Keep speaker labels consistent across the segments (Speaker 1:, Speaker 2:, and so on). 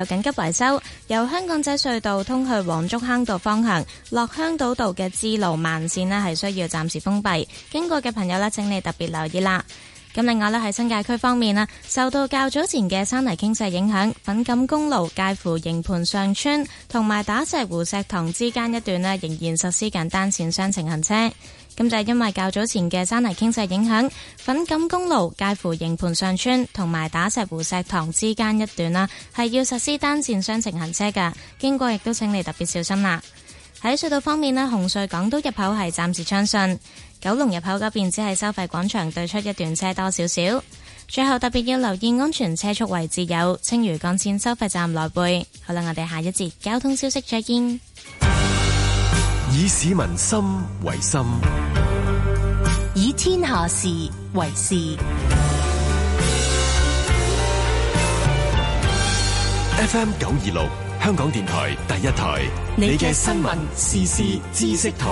Speaker 1: 有緊急維修，由香港仔隧道通去黃竹坑道方向，落香島道嘅支路慢線呢係需要暫時封閉，經過嘅朋友呢，請你特別留意啦。咁，另外呢，喺新界區方面啊，受到較早前嘅山泥傾瀉影響，粉錦公路介乎營盤上村同埋打石湖石塘之間一段呢，仍然實施緊單線雙程行車。咁就係因為較早前嘅山泥傾瀉影響，粉錦公路介乎營盤上村同埋打石湖石塘之間一段啦，係要實施單線雙程行車㗎。經過亦都請你特別小心啦。喺隧道方面呢，紅隧港島入口係暫時暢順，九龍入口嗰邊只係收費廣場對出一段車多少少。最後特別要留意安全車速位置有青嶼幹線收費站來回。好啦，我哋下一節交通消息再見。
Speaker 2: 以市民心為心，
Speaker 1: 以天下事為事。
Speaker 2: FM
Speaker 3: 九二六，香港電台第一台，你嘅
Speaker 2: 新聞、的新聞時事知識
Speaker 3: 台。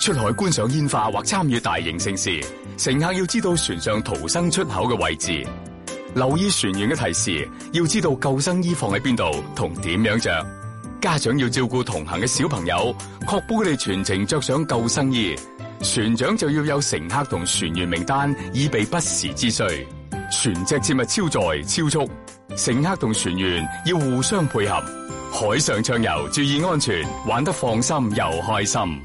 Speaker 3: 出海觀賞煙花或參與
Speaker 4: 大型盛事，乘客要知道船上逃生出口嘅位置。留意船員嘅提示，要知道救生衣放喺邊度同點樣着。家長要照顧同行嘅小朋友，確保佢哋全程着上救生衣。船長就要有乘客同船員名單，以備不時之需。船隻切勿超載、超速。乘客同船員要互相配合。海上暢遊，注意安
Speaker 3: 全，玩得放心又開心。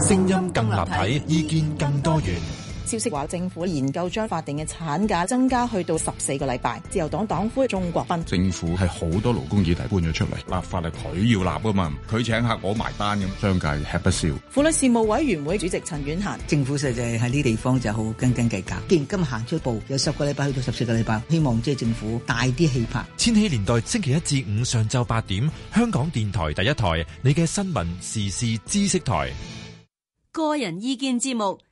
Speaker 3: 聲音更立體，意見更多元。
Speaker 1: 消息話，政府研究將法定嘅產假增加去到十四個禮拜。自由黨黨魁鍾國斌：，
Speaker 3: 政府係好多勞工議題搬咗出嚟，立法係佢要立噶嘛，
Speaker 4: 佢請客我埋單咁，商界吃不消。
Speaker 1: 婦女事務委員會主席陳婉嫻：，政府實際喺呢地方就好斤斤計較，既然今日行出步，有十個禮拜去到十四個禮拜，希望即係政府
Speaker 5: 大啲氣魄。千禧年代星期一至五上晝八點，香港電台第一台，你嘅新聞時事知識台，
Speaker 6: 個人意見節目。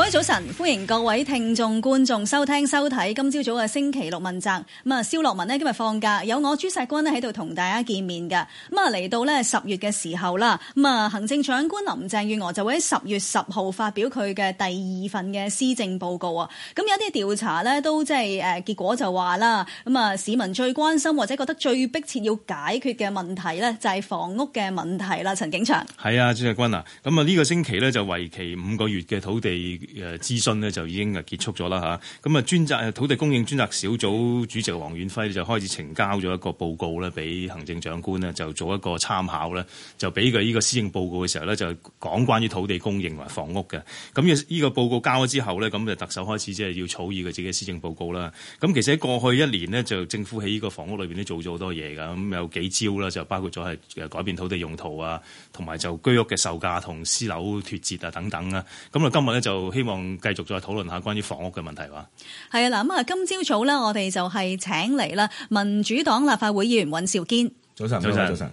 Speaker 6: 各位早晨，歡迎各位聽眾、觀眾收聽、收睇今朝早嘅星期六問責。咁啊，蕭洛汶呢今日放假，有我朱錫君咧喺度同大家見面㗎。咁啊，嚟到咧十月嘅時候啦，咁啊，行政長官林鄭月娥就會喺十月十號發表佢嘅第二份嘅施政報告啊。咁有啲調查呢都即係誒，結果就話啦，咁啊，市民最關心或者覺得最迫切要解決嘅問題呢，就係房屋嘅問題啦。陳景祥，
Speaker 3: 係啊，朱錫君啊，咁啊，呢個星期呢，就為期五個月嘅土地。誒諮詢呢就已經誒結束咗啦吓，咁啊專責土地供應專責小組主席黃遠輝咧就開始呈交咗一個報告咧，俾行政長官呢，就做一個參考咧，就俾佢呢個施政報告嘅時候咧就講關於土地供應同房屋嘅，咁呢依個報告交咗之後呢，咁就特首開始即係要草擬佢自己嘅施政報告啦。咁其實喺過去一年呢，就政府喺呢個房屋裏邊都做咗好多嘢㗎，咁有幾招啦，就包括咗係改變土地用途啊，同埋就居屋嘅售價同私樓脫節啊等等啊。咁啊今日咧就。希望繼續再討論下關於房屋嘅問題，話
Speaker 6: 係啊，嗱咁啊，今朝早咧，我哋就係請嚟啦，民主黨立法會議員尹兆堅。早晨，早晨，咁啊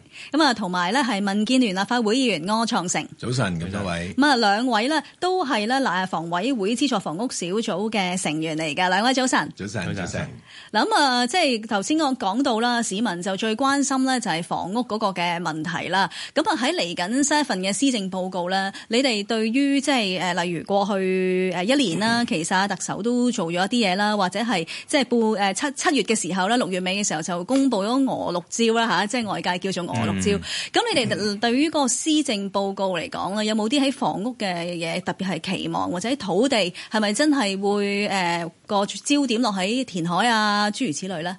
Speaker 6: 晨，同埋咧係民建聯立法會議員柯創盛。
Speaker 2: 早晨，咁多位，咁
Speaker 6: 啊兩位咧都係咧嗱，房委會資助房屋小組嘅成員嚟㗎。兩位早晨。
Speaker 2: 早晨，早晨。
Speaker 6: 嗱咁啊，即係頭先我講到啦，市民就最關心咧就係房屋嗰個嘅問題啦。咁啊喺嚟緊新一份嘅施政報告啦，你哋對於即係誒，例如過去誒一年啦，其實阿特首都做咗一啲嘢啦，或者係即係報誒七七月嘅時候咧，六月尾嘅時候就公布咗娥六招啦吓。即外界叫做娥六招，咁、嗯、你哋對於嗰個施政報告嚟講咧，有冇啲喺房屋嘅嘢，特別係期望，或者土地係咪真係會誒、呃那個焦點落喺填海啊，諸如此類咧？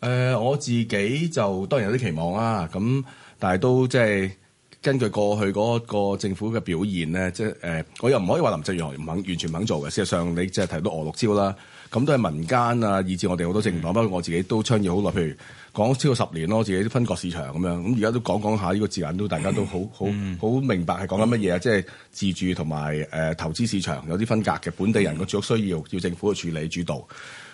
Speaker 4: 誒、呃，我自己就當然有啲期望啦、啊。咁，但係都即、就、係、是、根據過去嗰個政府嘅表現咧，即、就、誒、是呃，我又唔可以話林鄭月娥唔肯完全唔肯做嘅。事實上，你即係提到娥六招啦。咁都係民間啊，以至我哋好多政黨，包括我自己都倡議好耐。譬如講超過十年咯，我自己都分割市場咁樣。咁而家都講講下呢個字眼，都大家都好好好明白係講緊乜嘢啊。即係、嗯、自住同埋誒投資市場有啲分隔嘅本地人嘅住屋需要，要政府嘅處理主導。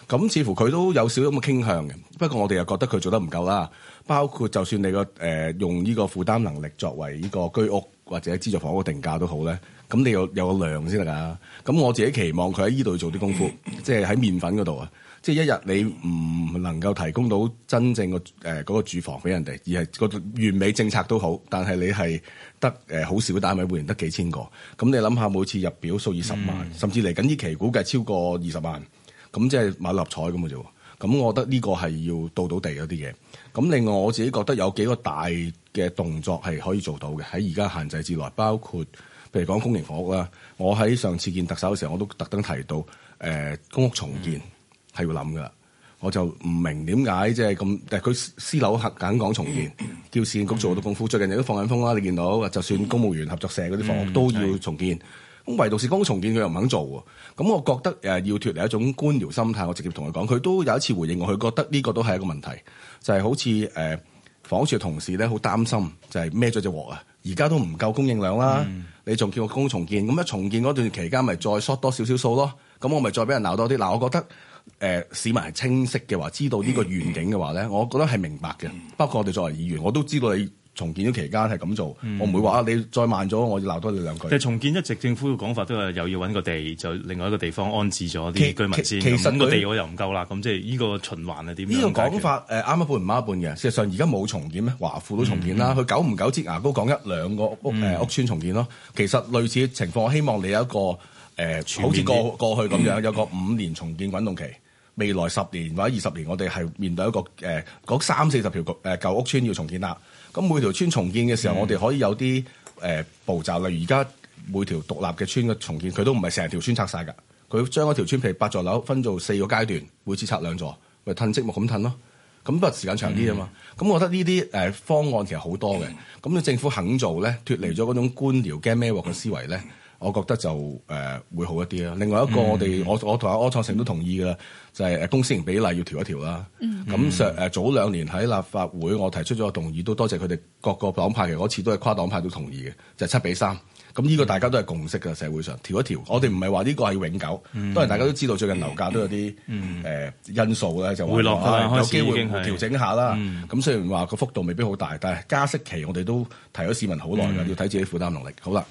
Speaker 4: 咁似乎佢都有少少咁嘅傾向嘅，不過我哋又覺得佢做得唔夠啦。包括就算你個誒、呃、用呢個負擔能力作為呢個居屋或者資助房屋定價都好咧。咁你又有個量先得㗎。咁我自己期望佢喺呢度做啲功夫，即係喺麵粉嗰度啊。即係一日你唔能夠提供到真正嘅嗰、呃嗰個住房俾人哋，而係個完美政策都好，但係你係得好少、呃、單位會員得幾千個。咁你諗下，每次入表數以十萬，嗯、甚至嚟緊呢期估計超過二十萬，咁即係買六合彩咁嘅啫。咁我覺得呢個係要到到地嗰啲嘢。咁另外我自己覺得有幾個大嘅動作係可以做到嘅喺而家限制之內，包括。.譬如講公營房屋啦，我喺上次見特首嘅時候，我都特登提到，誒、呃、公屋重建係要諗噶。我就唔明點解即係咁，但係佢私樓肯講重建，嗯、叫市建局做到功夫。嗯、最近亦都放緊風啦，你見到就算公務員、嗯、合作社嗰啲房屋都要重建，咁、嗯、唯獨是公屋重建佢又唔肯做喎。咁我覺得、呃、要脫離一種官僚心態。我直接同佢講，佢都有一次回應我，我佢覺得呢個都係一個問題，就係、是、好似誒、呃、房署同事咧好擔心就是，就係孭咗隻鑊啊。而家都唔夠供應量啦，嗯、你仲叫我供重建，咁樣重建嗰段期間，咪再 short 多少少數咯，咁我咪再俾人鬧多啲。嗱，我覺得誒、呃、市民係清晰嘅話，知道呢個願景嘅話咧，嗯、我覺得係明白嘅。不過、嗯、我哋作為議員，我都知道你。.重建咗期間係咁做，嗯、我唔會話啊！你再慢咗，我要鬧多你兩句。其
Speaker 3: 重建一直政府嘅講法都係又要搵個地，就另外一個地方安置咗啲居民先，其咁個地我又唔夠啦，咁即係呢個循環係點？呢個講法
Speaker 4: 誒啱，呃、一半唔啱一半嘅。事實上而家冇重建咩？華富都重建啦，佢、嗯、久唔久接牙膏講一兩個屋，嗯、屋村重建咯。其實類似嘅情況，我希望你有一個誒、呃，好似過，過去咁樣有個五年重建滾動期。嗯、未來十年或者二十年，我哋係面對一個誒嗰，呃、三四十條舊屋村要重建啦。咁每條村重建嘅時候，我哋可以有啲誒步驟，例如而家每條獨立嘅村嘅重建，佢都唔係成條村拆晒㗎，佢將嗰條村，譬如八座樓，分做四個階段，每次拆兩座，咪褪積木咁褪咯，咁不過時間長啲啊嘛，咁、嗯、我覺得呢啲方案其實好多嘅，咁你政府肯做咧，脫離咗嗰種官僚驚咩鑊嘅思維咧？我覺得就誒、呃、會好一啲啦。另外一個，嗯、我哋我我同阿柯創盛都同意嘅，就係、是、公私營比例要調一調啦。咁上、嗯呃、早兩年喺立法會，我提出咗個動議，都多謝佢哋各個黨派嘅嗰次都係跨黨派都同意嘅，就係、是、七比三。咁呢個大家都係共識嘅社會上調一調。我哋唔係話呢個係永久。嗯、當然大家都知道，最近樓價都有啲誒、嗯呃、因素咧，就回落啦，有機會，會調整下啦。咁、嗯、雖然話個幅度未必好大，但係加息期我哋都提咗市民好耐嘅，嗯、要睇自己負擔能力。好啦。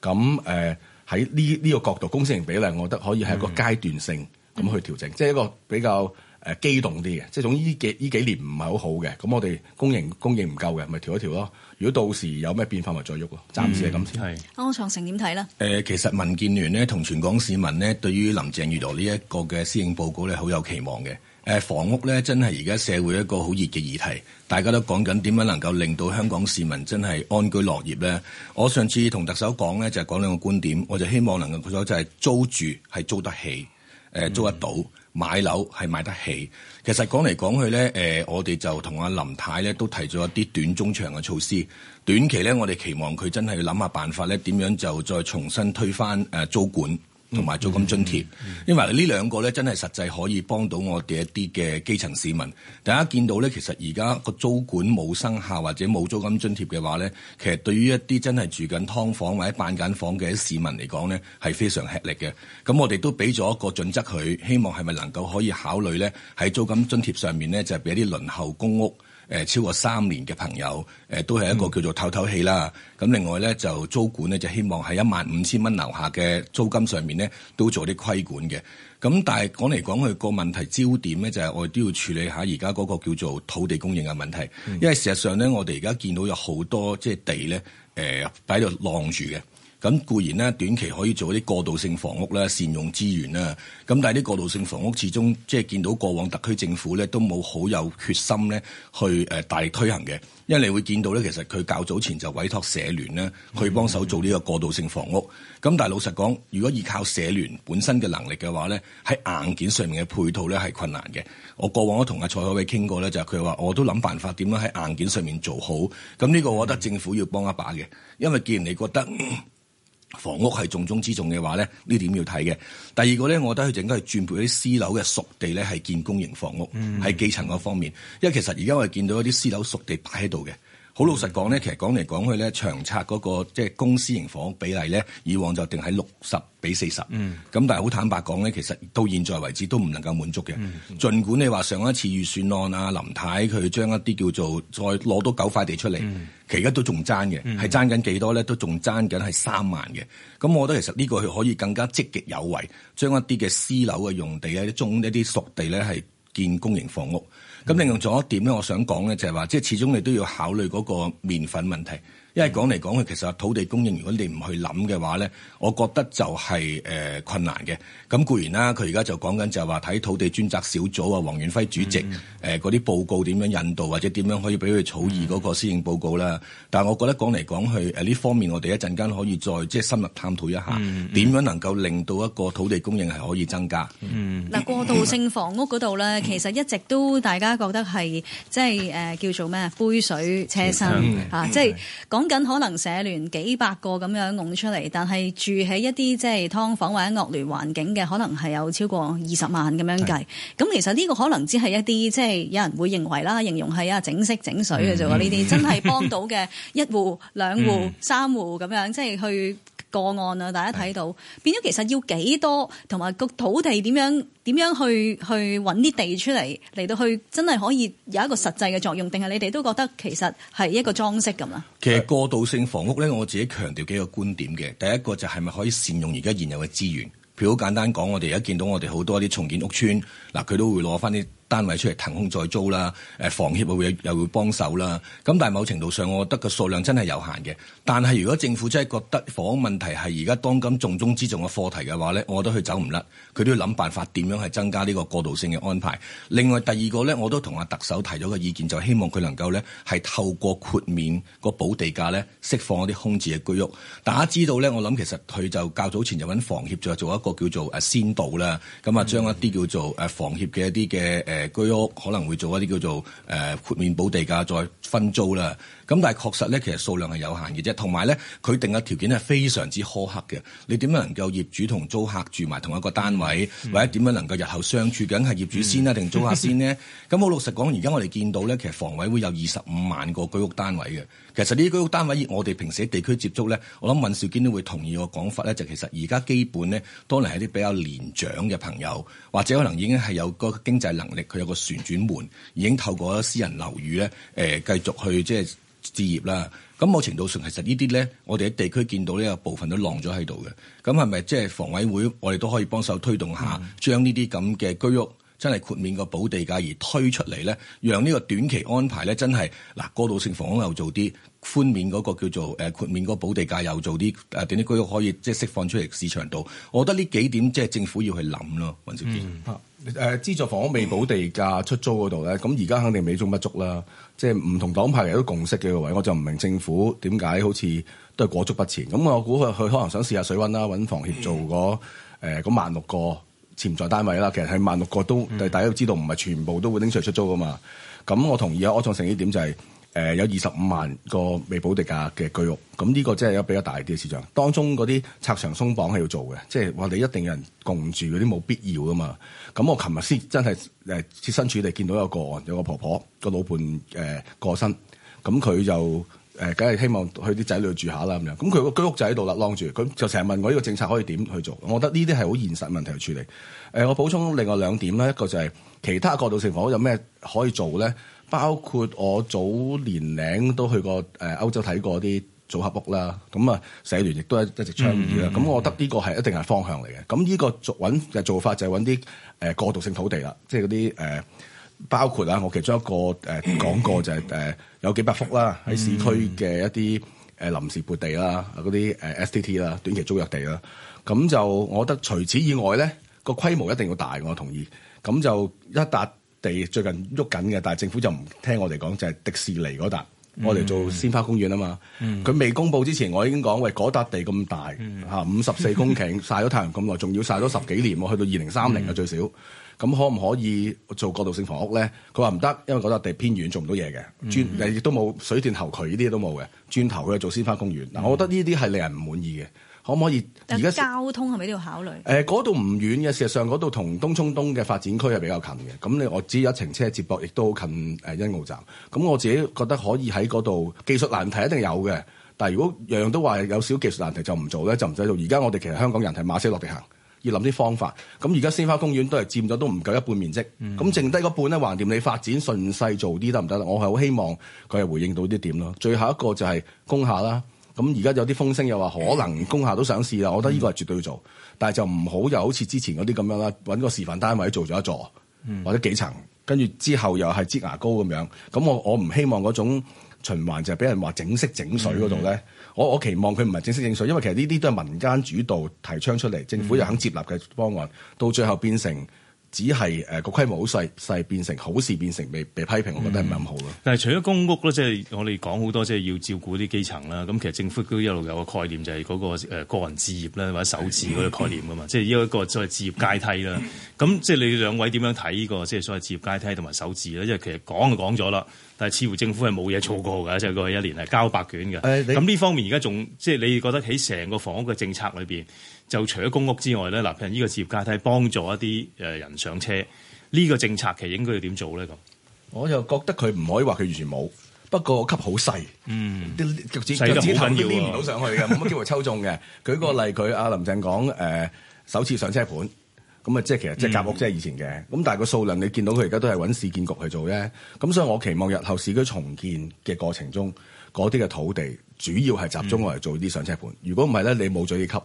Speaker 4: 咁誒喺呢呢個角度，公私營比例，我覺得可以係一個階段性咁去調整，嗯、即係一個比較誒機、呃、動啲嘅，即係總之呢幾幾年唔係好好嘅，咁我哋供應供應唔夠嘅，咪調一調咯。如果到時有咩變化，咪再喐咯。暫時係咁先。
Speaker 6: 柯創盛點睇咧？
Speaker 4: 誒，其實民建聯咧
Speaker 2: 同全港市民咧，對於林鄭月娥呢一個嘅施政報告咧，好有期望嘅。誒房屋咧，真係而家社會一個好熱嘅議題，大家都講緊點樣能夠令到香港市民真係安居樂業呢？我上次同特首講呢，就係講兩個觀點，我就希望能夠佢所就係租住係租得起，誒租得到，嗯、買樓係買得起。其實講嚟講去呢，誒我哋就同阿林太呢都提咗一啲短中長嘅措施。短期呢，我哋期望佢真係要諗下辦法呢，點樣就再重新推返誒租管。同埋租金津貼，因為呢兩個咧真係實際可以幫到我哋一啲嘅基層市民。大家見到咧，其實而家個租管冇生效或者冇租金津貼嘅話咧，其實對於一啲真係住緊劏房或者辦緊房嘅市民嚟講咧，係非常吃力嘅。咁我哋都俾咗一個準則佢，希望係咪能夠可以考慮咧喺租金津貼上面咧，就係俾一啲輪候公屋。誒超過三年嘅朋友，誒都係一個叫做透透氣啦。咁、嗯、另外咧，就租管咧就希望喺一萬五千蚊樓下嘅租金上面咧，都做啲規管嘅。咁但係講嚟講去個問題焦點咧，就係我哋都要處理下而家嗰個叫做土地供應嘅問題，嗯、因為事實上咧，我哋而家見到有好多即係、就是、地咧，誒擺喺度晾住嘅。咁固然咧，短期可以做啲過渡性房屋啦，善用資源啦。咁但係啲過渡性房屋始終即係見到過往特區政府咧，都冇好有，有決心咧去誒大力推行嘅。因為你會見到咧，其實，佢較早前就委託社聯咧去幫手做呢個過渡性房屋。咁、mm hmm. 但係老實講，如果依靠社聯本身嘅能力嘅話咧，喺硬件上面嘅配套咧係困難嘅。我過往我同阿蔡海偉傾過咧，就係佢話，我都諗辦法點樣喺硬件上面做好。咁呢個我覺得政府要幫一把嘅，因為既然你覺得，房屋係重中之重嘅話咧，呢點要睇嘅。第二個咧，我覺得佢應該係轉撥嗰啲私樓嘅熟地咧，係建公營房屋喺、嗯、基層嗰方面。因為其實而家我哋見到一啲私樓熟地擺喺度嘅。好老實講咧，其實講嚟講去咧，長策嗰、那個即係公私營房屋比例咧，以往就定喺六十比四十。嗯。咁但係好坦白講咧，其實到現在為止都唔能夠滿足嘅、嗯。嗯。儘管你話上一次預算案啊，林太佢將一啲叫做再攞多九塊地出嚟，嗯、其實都仲爭嘅，係爭緊幾多咧？都仲爭緊係三萬嘅。咁我覺得其實呢個佢可以更加積極有為，將一啲嘅私樓嘅用地咧，種一啲一啲熟地咧係建公營房屋。咁另外仲有一點咧，我想講咧，就係話，即係始終你都要考慮嗰個麵粉問題。因為講嚟講去，其實土地供應，如果你唔去諗嘅話咧，我覺得就係、是、誒、呃、困難嘅。咁固然啦，佢而家就講緊就係話睇土地專責小組啊，黃遠輝主席誒嗰啲報告點樣引導，或者點樣可以俾佢草擬嗰個施政報告啦。嗯、但係我覺得講嚟講去誒呢、呃、方面，我哋一陣間可以再即係深入探討一下，點、嗯嗯、樣能夠令到一個土地供應係可以增加。嗱、
Speaker 6: 嗯，嗯、過渡性房屋嗰度咧，其實一直都大家覺得係即係誒、呃、叫做咩杯水車薪、嗯、啊，嗯、即係講。緊可能社聯幾百個咁樣㧬出嚟，但係住喺一啲即係劏房或者惡劣環境嘅，可能係有超過二十萬咁樣計。咁是的 其實呢個可能只係一啲即係有人會認為啦，形容係啊整色整水嘅啫。呢啲、嗯、真係幫到嘅一戶、兩戶、 三戶咁樣，即係去。個案啊，大家睇到變咗，其實要幾多同埋個土地點樣點樣去去揾啲地出嚟，嚟到去真係可以有一個實際嘅作用，定係你哋都覺得其實係一個裝飾咁啊？
Speaker 2: 其實過渡性房屋咧，我自己強調幾個觀點嘅。第一個就係咪可以善用而家現有嘅資源？譬如好簡單講，我哋而家見到我哋好多啲重建屋邨，嗱，佢都會攞返啲。單位出嚟騰空再租啦，房協會又會幫手啦。咁但係某程度上，我覺得個數量真係有限嘅。但係如果政府真係覺得房屋問題係而家當今重中之重嘅課題嘅話咧，我覺得佢走唔甩，佢都要諗辦法點樣係增加呢個過渡性嘅安排。另外第二個咧，我都同阿特首提咗個意見，就希望佢能夠咧係透過豁免個補地價咧，釋放一啲空置嘅居屋。大家知道咧，我諗其實佢就較早前就搵房協再做一個叫做先導啦，咁啊將一啲叫做房協嘅一啲嘅誒，居屋可能會做一啲叫做誒豁免補地價，再分租啦。咁但係確實咧，其實數量係有限嘅啫，同埋咧，佢定嘅條件係非常之苛刻嘅。你點樣能夠業主同租客住埋同一個單位，嗯嗯、或者點樣能夠日後相處？緊係業主先啊，定、嗯、租客先呢？咁好、 嗯，我老實講，而家我哋見到咧，其實房委會有二十五萬個居屋單位嘅。其實呢啲居屋單位，我哋平時喺地區接觸咧，我諗尹兆堅都會同意我講法咧，就是、其實而家基本咧，都係一啲比較年長嘅朋友，或者可能已經係有個經濟能力，佢有個旋轉門，已經透過私人樓宇咧，誒、呃、繼續去即係。置業啦，咁某程度上其實呢啲咧，我哋喺地區見到呢，有部分都浪咗喺度嘅。咁係咪即係房委會，我哋都可以幫手推動下，嗯、將呢啲咁嘅居屋真係豁免個補地價而推出嚟咧，讓呢個短期安排咧真係嗱過渡性房屋又做啲寬免嗰個叫做誒、呃、豁免嗰補地價又做啲誒短啲居屋可以即係釋放出嚟市場度。我覺得
Speaker 4: 呢幾點即係政府要去諗咯，尹兆
Speaker 3: 堅。
Speaker 4: 誒、嗯啊、資助房屋未補地價出租嗰度咧，咁而家肯定美中不足啦。即係唔同黨派嚟都共識嘅位，我就唔明政府點解好似都係裹足不前咁。我估佢佢可能想試下水溫啦，搵房協做嗰嗰萬六個潛在單位啦。其實係萬六個都，但、嗯、大家都知道唔係全部都會拎出嚟出租噶嘛。咁我同意啊，柯創盛呢點就係、是。誒、呃、有二十五萬個未補地價嘅居屋，咁呢個真係有比較大啲嘅市場。當中嗰啲拆牆鬆綁係要做嘅，即係話你一定有人共住嗰啲冇必要噶嘛。咁我琴日先真係誒設身處地見到有個案，有個婆婆個老伴誒、呃、過身，咁佢就誒梗係希望去啲仔女住下啦咁樣，咁佢個居屋就喺度啦，晾住佢，咁就成日問我呢個政策可以點去做。我覺得呢啲係好現實問題去處理。誒、呃，我補充另外兩點咧，一個就係、是、其他過渡情況有咩可以做咧？包括我早年齡都去過誒歐洲睇過啲組合屋啦，咁啊社聯亦都一一直倡議啦，咁我覺得呢個係一定係方向嚟嘅。咁呢個做搵嘅做法就係搵啲誒過渡性土地啦，即係嗰啲包括啊，我其中一個誒講過就係有幾百幅啦，喺市區嘅一啲臨時撥地啦，嗰啲 S T T 啦，短期租約地啦。咁就我覺得除此以外咧，個規模一定要大，我同意。咁就一笪地最近喐緊嘅，但係政府就唔聽我哋講，就係、是、迪士尼嗰笪，我哋做《鮮花公園》啊嘛。佢、嗯、未公布之前，我已經講喂，嗰笪地咁大嚇，五十四公頃、嗯、曬咗太陽咁耐，仲要曬咗十幾年，去到二零三零啊最少。咁可唔可以做過渡性房屋咧？佢話唔得，因為嗰笪地偏遠，做唔到嘢嘅，轉亦都冇水電喉渠呢啲都冇嘅，轉頭佢去做《鮮花公園》嗯。嗱，我覺得呢啲係令人唔滿意嘅。可唔可以？而家交
Speaker 6: 通係咪都要考
Speaker 4: 慮？誒、呃，嗰度唔遠嘅，事實上嗰度同東涌東嘅發展區係比較近嘅。咁你我只有一程車接駁，亦都好近誒欣澳站。咁我自己覺得可以喺嗰度。技術難題一定有嘅，但係如果樣樣都話有少少技術難題就唔做咧，就唔使做。而家我哋其實香港人係馬死落地行，要諗啲方法。咁而家鮮花公園都係佔咗都唔夠一半面積，咁、嗯、剩低嗰半咧，橫掂你發展順勢做啲得唔得？我係好希望佢係回應到啲點咯。最後一個就係工廈啦。咁而家有啲風聲又話可能工效都上市工廈都想試啦，我覺得呢個係絕對要做，嗯、但係就唔好又好似之前嗰啲咁樣啦，搵個示範單位做咗一座、嗯、或者幾層，跟住之後又係擠牙膏咁樣，咁我我唔希望嗰種循環就係俾人話整色整水嗰度咧，嗯、我我期望佢唔係整色整水，因為其實呢啲都係民間主導提倡出嚟，政府又肯接納嘅方案，到最後變成。只係誒個規模好細細，變成好事變成，事變成被被批評，嗯、我覺得唔係咁好咯？
Speaker 3: 但係除咗公屋咧，即、就、係、是、我哋講好多，即係要照顧啲基層啦。咁其實政府都一路有一個概、那個呃、個個概念，嗯、就係嗰個個個人置業啦，或者首置嗰個概念噶嘛。即係呢一個所謂置業階梯啦。咁即係你兩位點樣睇呢、這個即係、就是、所謂置業階梯同埋首置咧？因為其實講就講咗啦，但係似乎政府係冇嘢做過㗎。即、就、係、是、過去一年係交白卷嘅。咁呢、嗯、方面而家仲即係你覺得喺成個房屋嘅政策裏面。就除咗公屋之外咧，嗱，憑呢個置業階梯幫助一啲誒人上車呢、呢個政策，其實應該要點做咧咁？我又覺得佢唔可以話佢完全冇，不過級好細，
Speaker 4: 嗯，啲腳趾腳都黏唔到上去嘅，冇乜、啊、機會抽中嘅。 舉個例，佢阿林鄭講誒、呃、首次上車盤咁啊，即係其實即係夾屋，即係以前嘅咁。嗯、但係個數量你見到佢而家都係揾市建局去做啫。咁所以我期望日後市區重建嘅過程中，嗰啲嘅土地主要係集中嚟做啲上車盤。如果唔係咧，你冇咗呢級。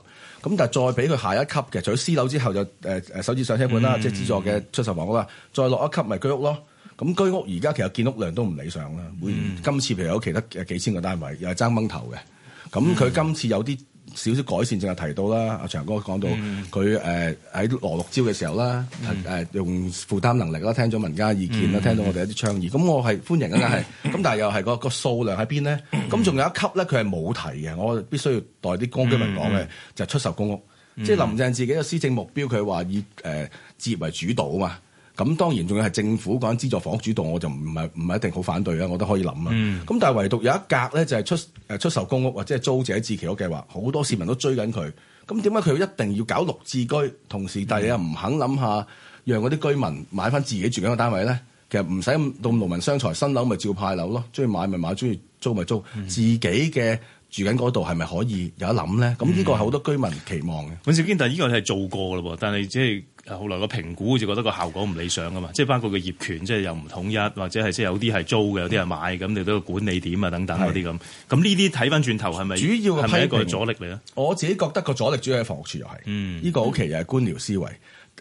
Speaker 4: 咁但係再俾佢下一級，嘅，除咗私樓之後就，就誒誒首置上車盤啦，mm hmm. 即係資助嘅出售房屋啦，再落一級咪居屋咯。咁居屋而家其實建屋量都唔理想啦，每、mm hmm. 今次譬如有其他幾千個單位又係爭崩頭嘅，咁佢今次有啲。少少改善，淨係提到啦。阿長哥講到佢誒喺羅六招嘅時候啦，誒、嗯呃、用負擔能力啦，聽咗民間意見啦，嗯、聽到我哋一啲倡議，咁、嗯、我係歡迎但係咁，但係又係、嗰個 個數量喺邊咧？咁仲、嗯、有一級咧，佢係冇提嘅，我必須要代啲公居民講嘅、嗯、就係出售公屋。嗯、即係林鄭自己嘅施政目標，佢話以誒置、呃、業為主導啊嘛。咁當然仲要係政府講種資助房屋主導，我就唔係唔係一定好反對啊，我都可以諗啊。咁、嗯、但係唯獨有一格咧，就係出出售公屋或者係租者置，置其屋計劃，好多市民都追緊佢。咁點解佢一定要搞綠置居？同時，但係你又唔肯諗下，讓嗰啲居民買翻自己住緊嘅單位咧？其實唔使咁到勞民傷財，新樓咪照派樓咯，中意買咪買，中意租咪租，自己嘅。住緊嗰度係咪可以有得諗咧？咁呢個係好多居民期望嘅。
Speaker 3: 本、嗯、兆堅，但呢個係做過喇咯，但係即係後來個評估就覺得個效果唔理想㗎嘛。即係包括個業權，即係又唔統一，或者係即係有啲係租嘅，有啲係買咁，你都、嗯、管理點啊等等嗰啲咁。咁呢啲睇翻轉頭係咪主要係咪一個阻力嚟咧？
Speaker 4: 我自己覺得個阻力主要係房署又係，嗯，呢個好奇係官僚思維。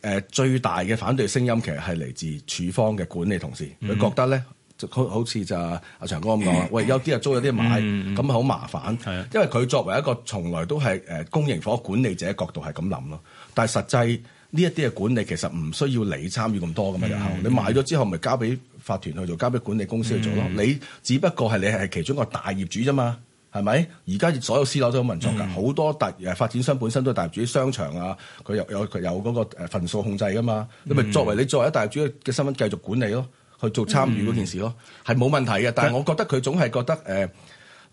Speaker 4: 呃、最大嘅反對聲音其實係嚟自署方嘅管理同事，佢、嗯、覺得咧。好似就阿長哥咁講，嗯、喂，有啲啊租，有啲買，咁好、嗯、麻煩。的因為佢作為一個從來都係誒公營房屋管理者角度係咁諗咯。但係實際呢一啲嘅管理其實唔需要你參與咁多噶嘛。嗯、的你買咗之後，咪交俾法團去做，交俾管理公司去做咯。嗯、你只不過係你係其中一個大業主啫嘛，係咪？而家所有私樓都咁運作㗎，好、嗯、多大誒發展商本身都係大業主，商場啊，佢有有嗰個份數控制㗎嘛。咁咪、嗯、作為你作為一大業主嘅身份繼續管理咯。去做參與嗰件事咯、嗯，係冇問題嘅。但係我覺得佢總係覺得誒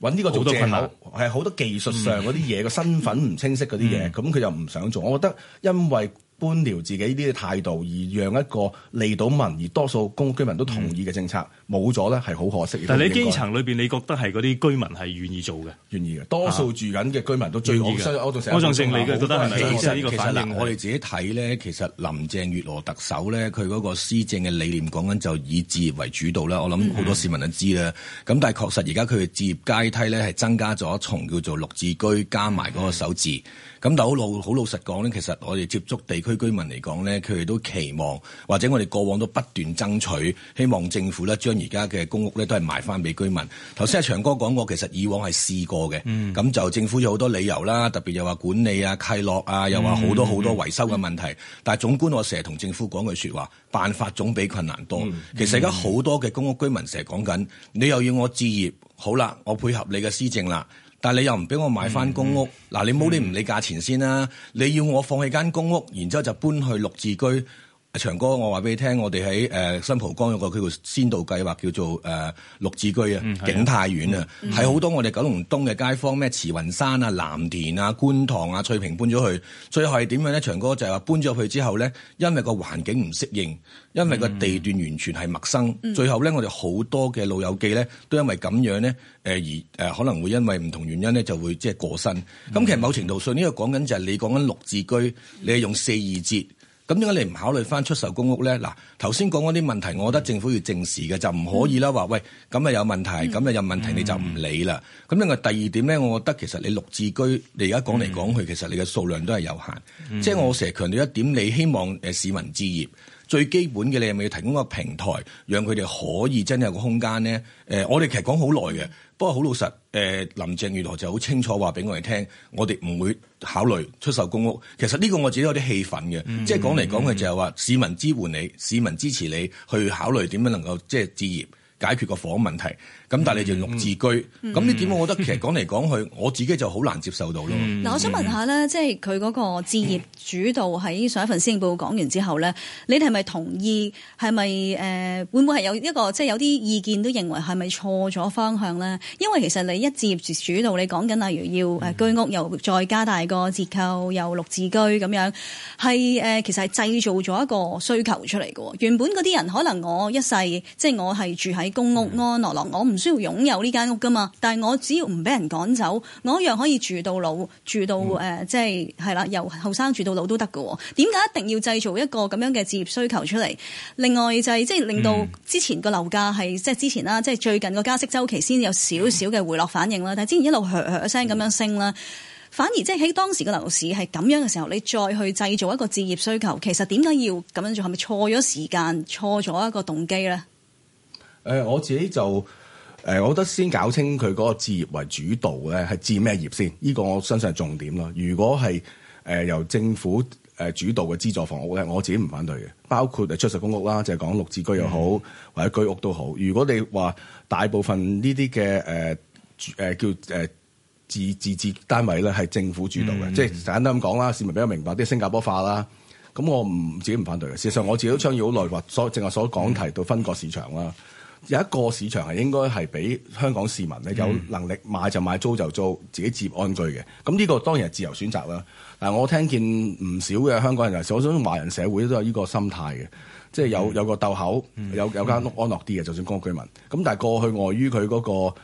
Speaker 4: 搵呢個做藉口，係好，好，好多技術上嗰啲嘢，個身份唔清晰嗰啲嘢，咁佢、嗯、又唔想做。我覺得因為。搬聊自己呢啲態度，而讓一個利到民而多數公屋居民都同意嘅政策冇咗咧，係好可惜。但係你基層
Speaker 3: 裏邊，是你覺得係嗰啲居民係願意做嘅，願意嘅多數住緊嘅居民都最、啊、我的我仲成理嘅，都得係理。是是其實呢個反應，我
Speaker 4: 哋
Speaker 2: 自己睇咧，其實林鄭月娥特首咧，佢嗰個施政嘅理念講緊就以置業為主導啦。我諗好多市民都知啦。咁、嗯、但係確實而家佢嘅置業階梯咧係增加咗，重叫做綠置居加埋嗰個首置。嗯嗯。咁但好老好老實講咧，其實我哋接觸地區居民嚟講咧，佢哋都期望，或者我哋過往都不斷爭取，希望政府咧將而家嘅公屋咧都係賣翻俾居民。頭先阿祥哥講過，其實以往係試過嘅。咁、嗯、就政府有好多理由啦，特別又話管理啊、契落啊，又話好多好多維修嘅問題。嗯嗯、但係總觀，我成日同政府講句說話，辦法總比困難多。其實而家好多嘅公屋居民成日講緊，你又要我置業。好啦，我配合你嘅施政啦。但你又唔俾我買翻公屋，嗱、嗯嗯、你冇理唔理價錢先啦，嗯、你要我放棄間公屋，然之後就搬去綠置居。祥哥，我話俾你聽，我哋喺誒新蒲崗有個叫做先導計劃，叫做誒、呃、綠置居啊，嗯、景泰苑啊，係好、嗯嗯、多我哋九龍東嘅街坊，咩慈雲山啊、藍田啊、觀塘啊、翠屏搬咗去。最後係點樣咧？祥哥就係話搬咗去之後咧，因為個環境唔適應，因為個地段完全係陌生。嗯、最後咧，我哋好多嘅老友記咧，都因為咁樣咧，誒而誒可能會因為唔同原因咧，就會即係過身。咁、嗯、其實某程度上呢、這個講緊就係、是、你講緊綠置居，你係用四二折。咁點解你唔考慮翻出售公屋咧？嗱，頭先講嗰啲問題，我覺得政府要正視嘅，就唔可以啦。話、嗯、喂，咁啊有問題，咁啊有問題你就唔理啦。咁另外第二點咧，我覺得其實你綠置居，你而家講嚟講去，其實你嘅數量都係有限。嗯、即係我成日強調一點，你希望市民置業最基本嘅，你係咪要提供個平台，讓佢哋可以真係有個空間咧？誒、呃，我哋其實講好耐嘅。不過好老實，誒林鄭月娥就好清楚話俾我哋聽，我哋唔會考慮出售公屋。其實呢個我自己有啲氣憤嘅，嗯、即係講嚟講去就係話市民支援你，市民支持你，去考慮點樣能夠即係置業解決個房問題。咁但你就綠置居，咁呢點我覺得，嗯嗯、其實講嚟講去，我自己就好難接受到咯，嗯。嗱、嗯，我想問下
Speaker 6: 咧，即係佢嗰個置業主導喺上一份施政報告講完之後咧，你哋係咪同意？係咪誒會唔會係有一個即係有啲意見都認為係咪錯咗方向咧？因為其實你一置業主導你講緊例如要誒居屋又再加大個折扣，又綠置居咁樣係誒、呃、其實係製造咗一個需求出嚟嘅。原本嗰啲人可能我一世即係我係住喺公屋安樂樂我唔～需要擁有呢間屋噶嘛？但係我只要唔俾人趕走，我一樣可以住到老，住到誒，即係係啦，由後生住到老都得嘅。點解一定要製造一個咁樣嘅置業需求出嚟？另外就係即係令到之前個樓價係即係之前啦，即係最近個加息週期先有少少嘅回落反應啦。嗯、但係之前一路噏噏聲咁樣升啦，嗯、反而即係喺當時個樓市係咁樣嘅時候，你再去製造一個置業需求，其實點解要咁樣做？係咪錯咗時間、錯咗一個動機咧？
Speaker 4: 誒、呃，我自己就。誒，我覺得先搞清佢嗰個置業為主導咧，係置咩業先？呢個我相信係重點啦。如果係由政府主導嘅資助房屋咧，我自己唔反對嘅。包括出售公屋啦，就係講綠置居又好，嗯、或者居屋都好。如果你話大部分呢啲嘅誒叫誒、呃、自自治單位咧，係政府主導嘅，嗯、即係簡單咁講啦，市民比較明白啲新加坡化啦。咁我唔自己唔反對嘅。事實上我自己都倡議好耐，或所正話所講提到分割市場啦。有一個市場係應該係俾香港市民，你有能力買就買，租就租、嗯、自己置業安居嘅，咁呢個當然係自由選擇啦。但係我聽見唔少嘅香港人，尤其我想華人社會都有呢個心態嘅，即係有有個竇口，嗯、有有間屋安樂啲嘅，就算公屋居民。咁但係過去礙於佢嗰個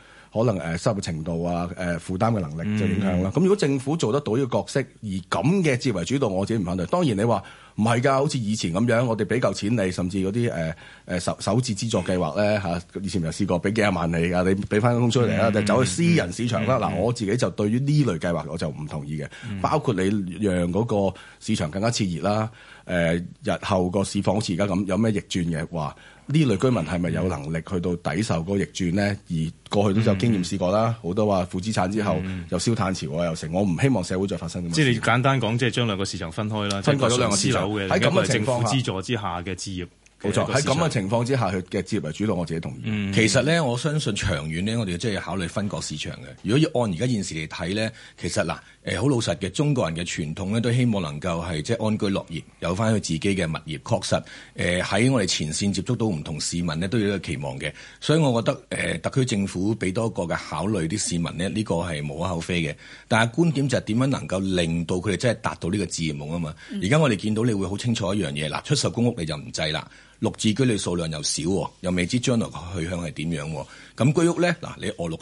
Speaker 4: 可能誒收入程度啊、誒、呃、負擔嘅能力就影響啦。咁、嗯、如果政府做得到呢個角色，而咁嘅置業為主導，我自己唔反對。當然你話。唔係㗎，好似以前咁樣，我哋俾夠錢你，甚至嗰啲誒誒首首置資助計劃咧、啊、以前咪試過俾幾廿萬你㗎，你俾翻啲工出嚟啦，嗯、就走去私人市場、嗯、啦。嗱、嗯，我自己就對於呢類計劃我就唔同意嘅，嗯、包括你讓嗰個市場更加熾熱啦。誒、呃，日後個市況好似而家咁，有咩逆轉嘅話？呢類居民係咪有能力去到抵受嗰個逆轉呢？而過去都有經驗試過啦，好、嗯、多話負資產之後、嗯、又燒炭潮又成。我唔希望社會再發生咁。
Speaker 3: 即係你簡單講，即係將兩個市場分開啦，分隔咗兩個市場，喺咁情況下政府資助之下嘅置業。冇錯，喺咁嘅情況之下，佢嘅接
Speaker 2: 嚟主導，我自己同
Speaker 3: 意。嗯、其實咧，
Speaker 2: 我相信長遠咧，我哋即係考慮分割市場嘅。如果要按而家現時嚟睇咧，其實嗱，好、呃、老實嘅中國人嘅傳統咧，都希望能夠係即係安居樂業，有翻佢自己嘅物業。確實，誒、呃、喺我哋前線接觸到唔同市民咧，都要有一個期望嘅。所以，我覺得誒、呃、特區政府俾多個嘅考慮啲市民咧，呢、嗯、個係無可厚非嘅。但係觀點就係、是、點樣能夠令到佢哋真係達到個呢個置業夢啊嘛？而家、嗯、我哋見到你會好清楚一樣嘢，嗱，出售公屋你就唔制啦。綠置居裏數量又少喎，又未知將來嘅去向係點樣喎？咁居屋咧，嗱你喺六，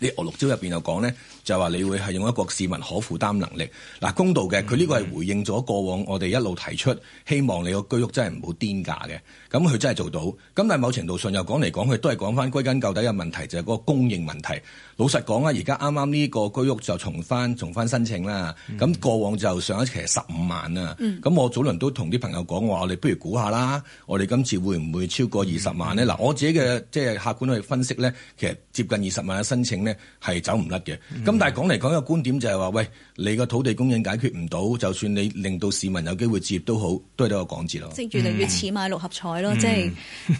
Speaker 2: 你喺六招入邊又講咧。就話你會係用一個市民可負擔能力嗱公道嘅，佢呢個係回應咗過往我哋一路提出希望你個居屋真係唔好癲價嘅，咁佢真係做到。咁但係某程度上又講嚟講去都係講翻，歸根究底嘅問題就係嗰個供應問題。老實講啦，而家啱啱呢個居屋就重翻重翻申請啦，咁過往就上一期十五萬啊，咁我早輪都同啲朋友講話，我哋不如估下啦，我哋今次會唔會超過二十萬呢？嗱，我自己嘅即係客觀去分析呢，其實接近二十萬嘅申請呢，係走唔甩嘅，咁。咁但係講嚟講嘅觀點就係話，喂，你個土地供應解決唔到，就算你令到市民有機會置業都好，都係得個港字咯。嗯、即係越嚟越似
Speaker 6: 買六合彩咯，即係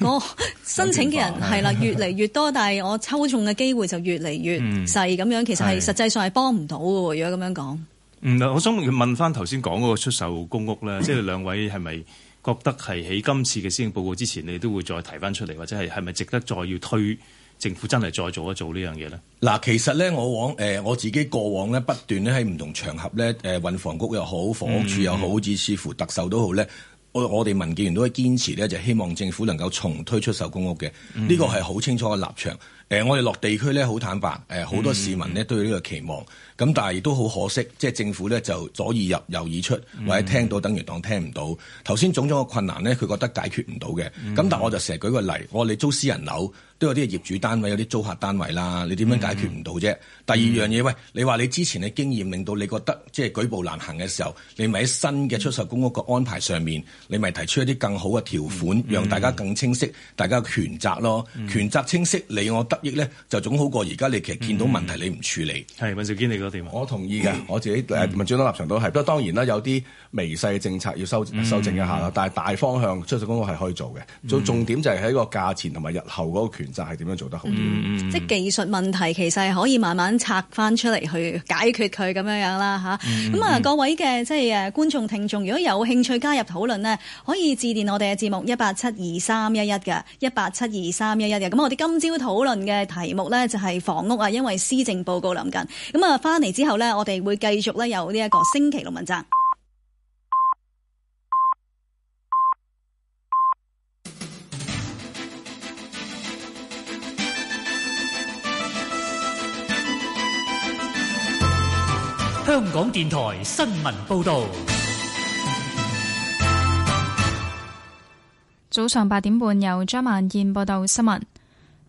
Speaker 6: 我申請嘅人係啦 法，越嚟越多， 但係我抽中嘅機會就越嚟越細，咁樣、嗯、其實係的實際上係幫唔到嘅，如果咁樣講。
Speaker 3: 嗯，我想問翻頭先講嗰個出售公屋咧，嗯、即係兩位係咪覺得係喺今次嘅施政報告之前，你都會再提翻出嚟，或者係係咪值得再要推？政府真係再做一做這件事呢樣嘢咧？
Speaker 4: 嗱，其實
Speaker 2: 咧，我往誒、呃、我自己過往咧，不斷咧喺唔同場合咧，誒、呃、運房局又好，房屋署又好，甚至、嗯、乎特首都好咧、嗯，我我哋民建聯都堅持咧，就是、希望政府能夠重推出售公屋嘅，呢、呢個係好清楚嘅立場。嗯嗯誒、呃，我哋落地區咧，好坦白，好、呃、多市民呢都有呢個期望，咁、嗯、但係亦都好可惜，即係政府咧就左耳入右耳出，嗯、或者聽到等於當聽唔到。頭先種種嘅困難咧，佢覺得解決唔到嘅。咁、嗯、但係我就成日舉個例，我哋租私人樓都有啲業主單位，有啲租客單位啦，你點樣解決唔到啫？嗯、第二樣嘢，嗯、喂，你話你之前嘅經驗令到你覺得即係舉步難行嘅時候，你咪喺新嘅出售公屋個安排上面，你咪提出一啲更好嘅條款，嗯、讓大家更清晰，大家權責咯，嗯、權責清晰，你我得。益咧就總好過而家你其實見到問題
Speaker 3: 你唔處理。係尹兆堅，你嗰電話。的
Speaker 4: 我同意嘅，我自己誒、嗯、民主黨立場都係。不過當然啦，有啲微細嘅政策要修修正一下啦。嗯、但係大方向出售公屋係可以做嘅。做、嗯、重點就係喺個價錢同埋日後嗰個權責係點樣做得好啲。嗯嗯、
Speaker 6: 即係技術問題其實係可以慢慢拆翻出嚟去解決佢咁樣樣啦嚇。咁、嗯嗯、啊各位嘅即係誒觀眾聽眾，如果有興趣加入討論呢，可以致電我哋嘅節目一八七二三一一嘅，一八七二三一一嘅。咁我哋今朝討論。嘅題目呢就係房屋啊，因為施政報告臨近，咁啊，翻嚟之後呢，我哋會繼續呢，有呢一個星期六問責。
Speaker 5: 香港電台新聞報道，
Speaker 7: 早上八點半由張萬燕報道新聞。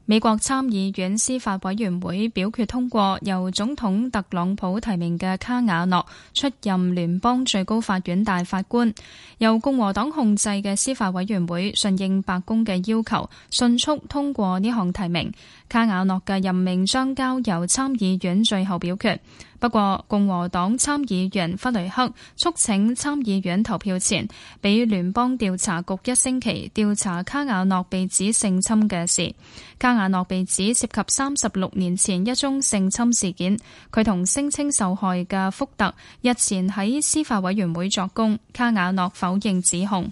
Speaker 7: 美國參議院司法委員會表決通過由總統特朗普提名嘅卡瓦諾出任聯邦最高法院大法官。由共和黨控制嘅司法委員會順應白宮嘅要求，迅速通過呢項提名。卡瓦諾嘅任命將交由參議院最後表決。不過，共和黨參議員弗雷克促請參議院投票前，俾聯邦調查局一星期調查卡瓦諾被指性侵嘅事。卡瓦諾被指涉及三十六年前一宗性侵事件，佢同聲稱受害嘅福特日前喺司法委員會作供，卡瓦諾否認指控。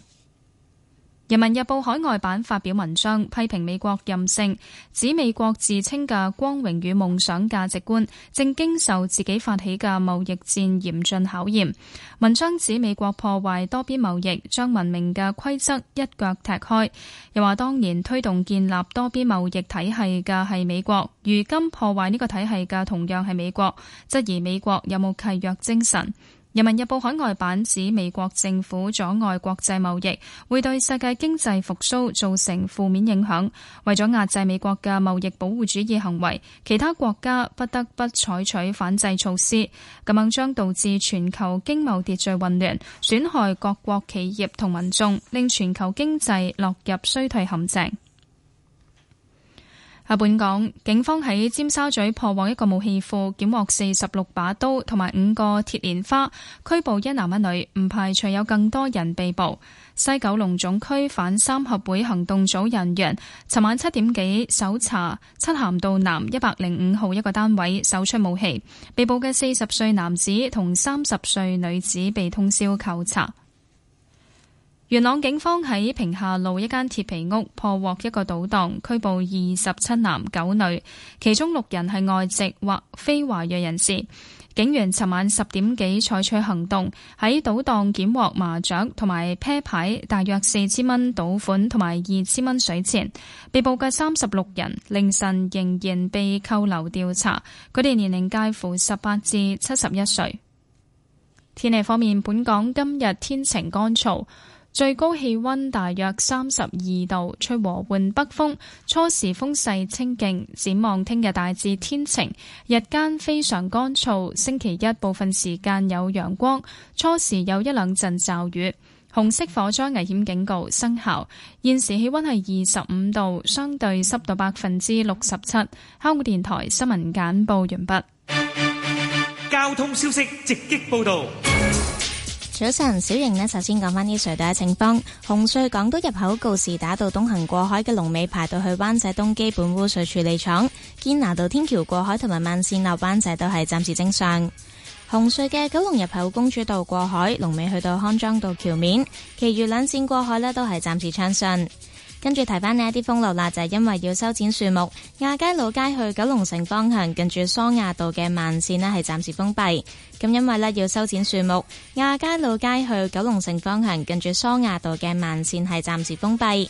Speaker 7: 《人民日報》海外版發表文章批評美國任性，指美國自稱嘅光榮與夢想價值觀正經受自己發起嘅貿易戰嚴峻考驗。文章指美國破壞多邊貿易，將文明嘅規則一腳踢開，又話當年推動建立多邊貿易體系嘅係美國，如今破壞呢個體系嘅同樣係美國，質疑美國有冇契約精神。《人民日報》海外版指，美國政府阻礙國際貿易，會對世界經濟復甦造成負面影響。為咗壓制美國嘅貿易保護主義行為，其他國家不得不採取反制措施，咁樣將導致全球經貿秩序混亂，損害各國企業同民眾，令全球經濟落入衰退陷阱。喺本港，警方喺尖沙咀破獲一個武器庫，檢獲四十六把刀同埋五個鐵蓮花，拘捕一男一女，唔排除有更多人被捕。西九龍總區反三合會行動組人員尋晚七點幾搜查漆咸道南一百零五號一個單位，搜出武器，被捕嘅四十歲男子同三十歲女子被通宵扣查。元朗警方喺平下路一間鐵皮屋破獲一個賭檔，拘捕二十七男九女，其中六人係外籍或非華裔人士。警員尋晚十點幾採取行動，喺賭檔檢獲麻雀同埋啤牌，大約四千蚊賭款同埋二千蚊水錢。被捕嘅三十六人凌晨仍然被扣留調查，佢哋年齡介乎十八至七十一歲。天氣方面，本港今日天晴乾燥。最高氣溫大約三十二度，吹和緩北風，初時風勢清勁。展望聽日大致天晴，日間非常乾燥。星期一部分時間有陽光，初時有一兩陣驟雨。紅色火災危險警告生效。現時氣温係二十五度，相對濕度百分之六十七。香港電台新聞簡報完畢。
Speaker 3: 交通消息直擊報道。
Speaker 7: 早晨，
Speaker 1: 小瑩呢，首先講返呢。隧道嘅情況。紅隧港島入口告士打道東行過海嘅龍尾排到去灣仔東基本污水處理廠，堅拿道天橋過海同埋慢線落灣仔都係暫時正常。紅隧嘅九龍入口公主道過海龍尾去到康莊道橋面，其餘兩線過海呢都係暫時暢順。跟住提翻呢一啲封路啦，就係、是、因為要修剪樹木，亞皆老街去九龍城方向近住桑亞道嘅慢線係係暫時封閉。咁因為呢要修剪樹木，亞皆老街去九龍城方向近住桑亞道嘅慢線係暫時封閉。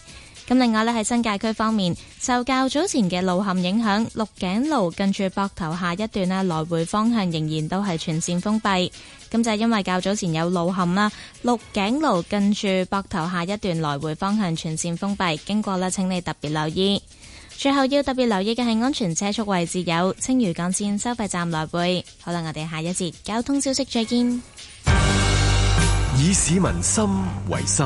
Speaker 1: 咁另外咧喺新界區方面，受較早前嘅路陷影響，鹿頸路近住膊頭下一段咧來回方向仍然都係全線封閉。咁就係因為較早前有路陷啦，鹿頸路近住膊頭下一段來回方向全線封閉，經過啦，請你特別留意。最後要特別留意嘅係安全車速位置有青嶼幹線收費站來回。好啦，我哋下一節交通消息再見。
Speaker 2: 以市民心為心。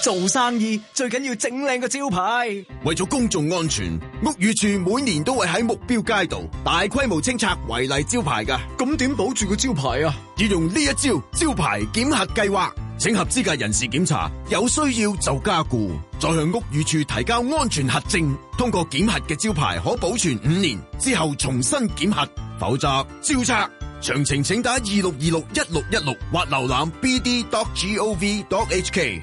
Speaker 3: 做生意最緊要整靚個招牌。
Speaker 4: 為咗公眾安全，屋宇處每年都會喺目標街道大規模清拆違例招牌噶。咁點保住個招牌啊？要用呢一招招牌檢核計劃，請合資格人士檢查，有需要就加固，再向屋
Speaker 2: 宇處提交安全核證。通過檢核嘅招牌可保存五年之後重新檢核，否則招拆。詳情請打二六二六一六一六或瀏覽
Speaker 4: bd.gov.hk。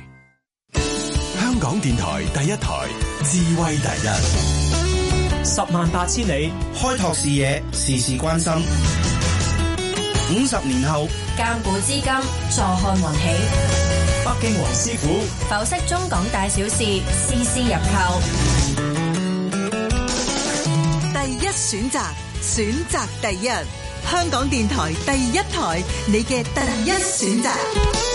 Speaker 4: 香港電台第一
Speaker 5: 台，智慧第一，十萬八千里開拓視野，事事關心。五十年後，鑒古知今，
Speaker 6: 坐看雲起。北京王師傅，剖析中港大小事，絲絲入扣。第一選擇，選擇第一。香港電台第一台，你嘅第一選擇。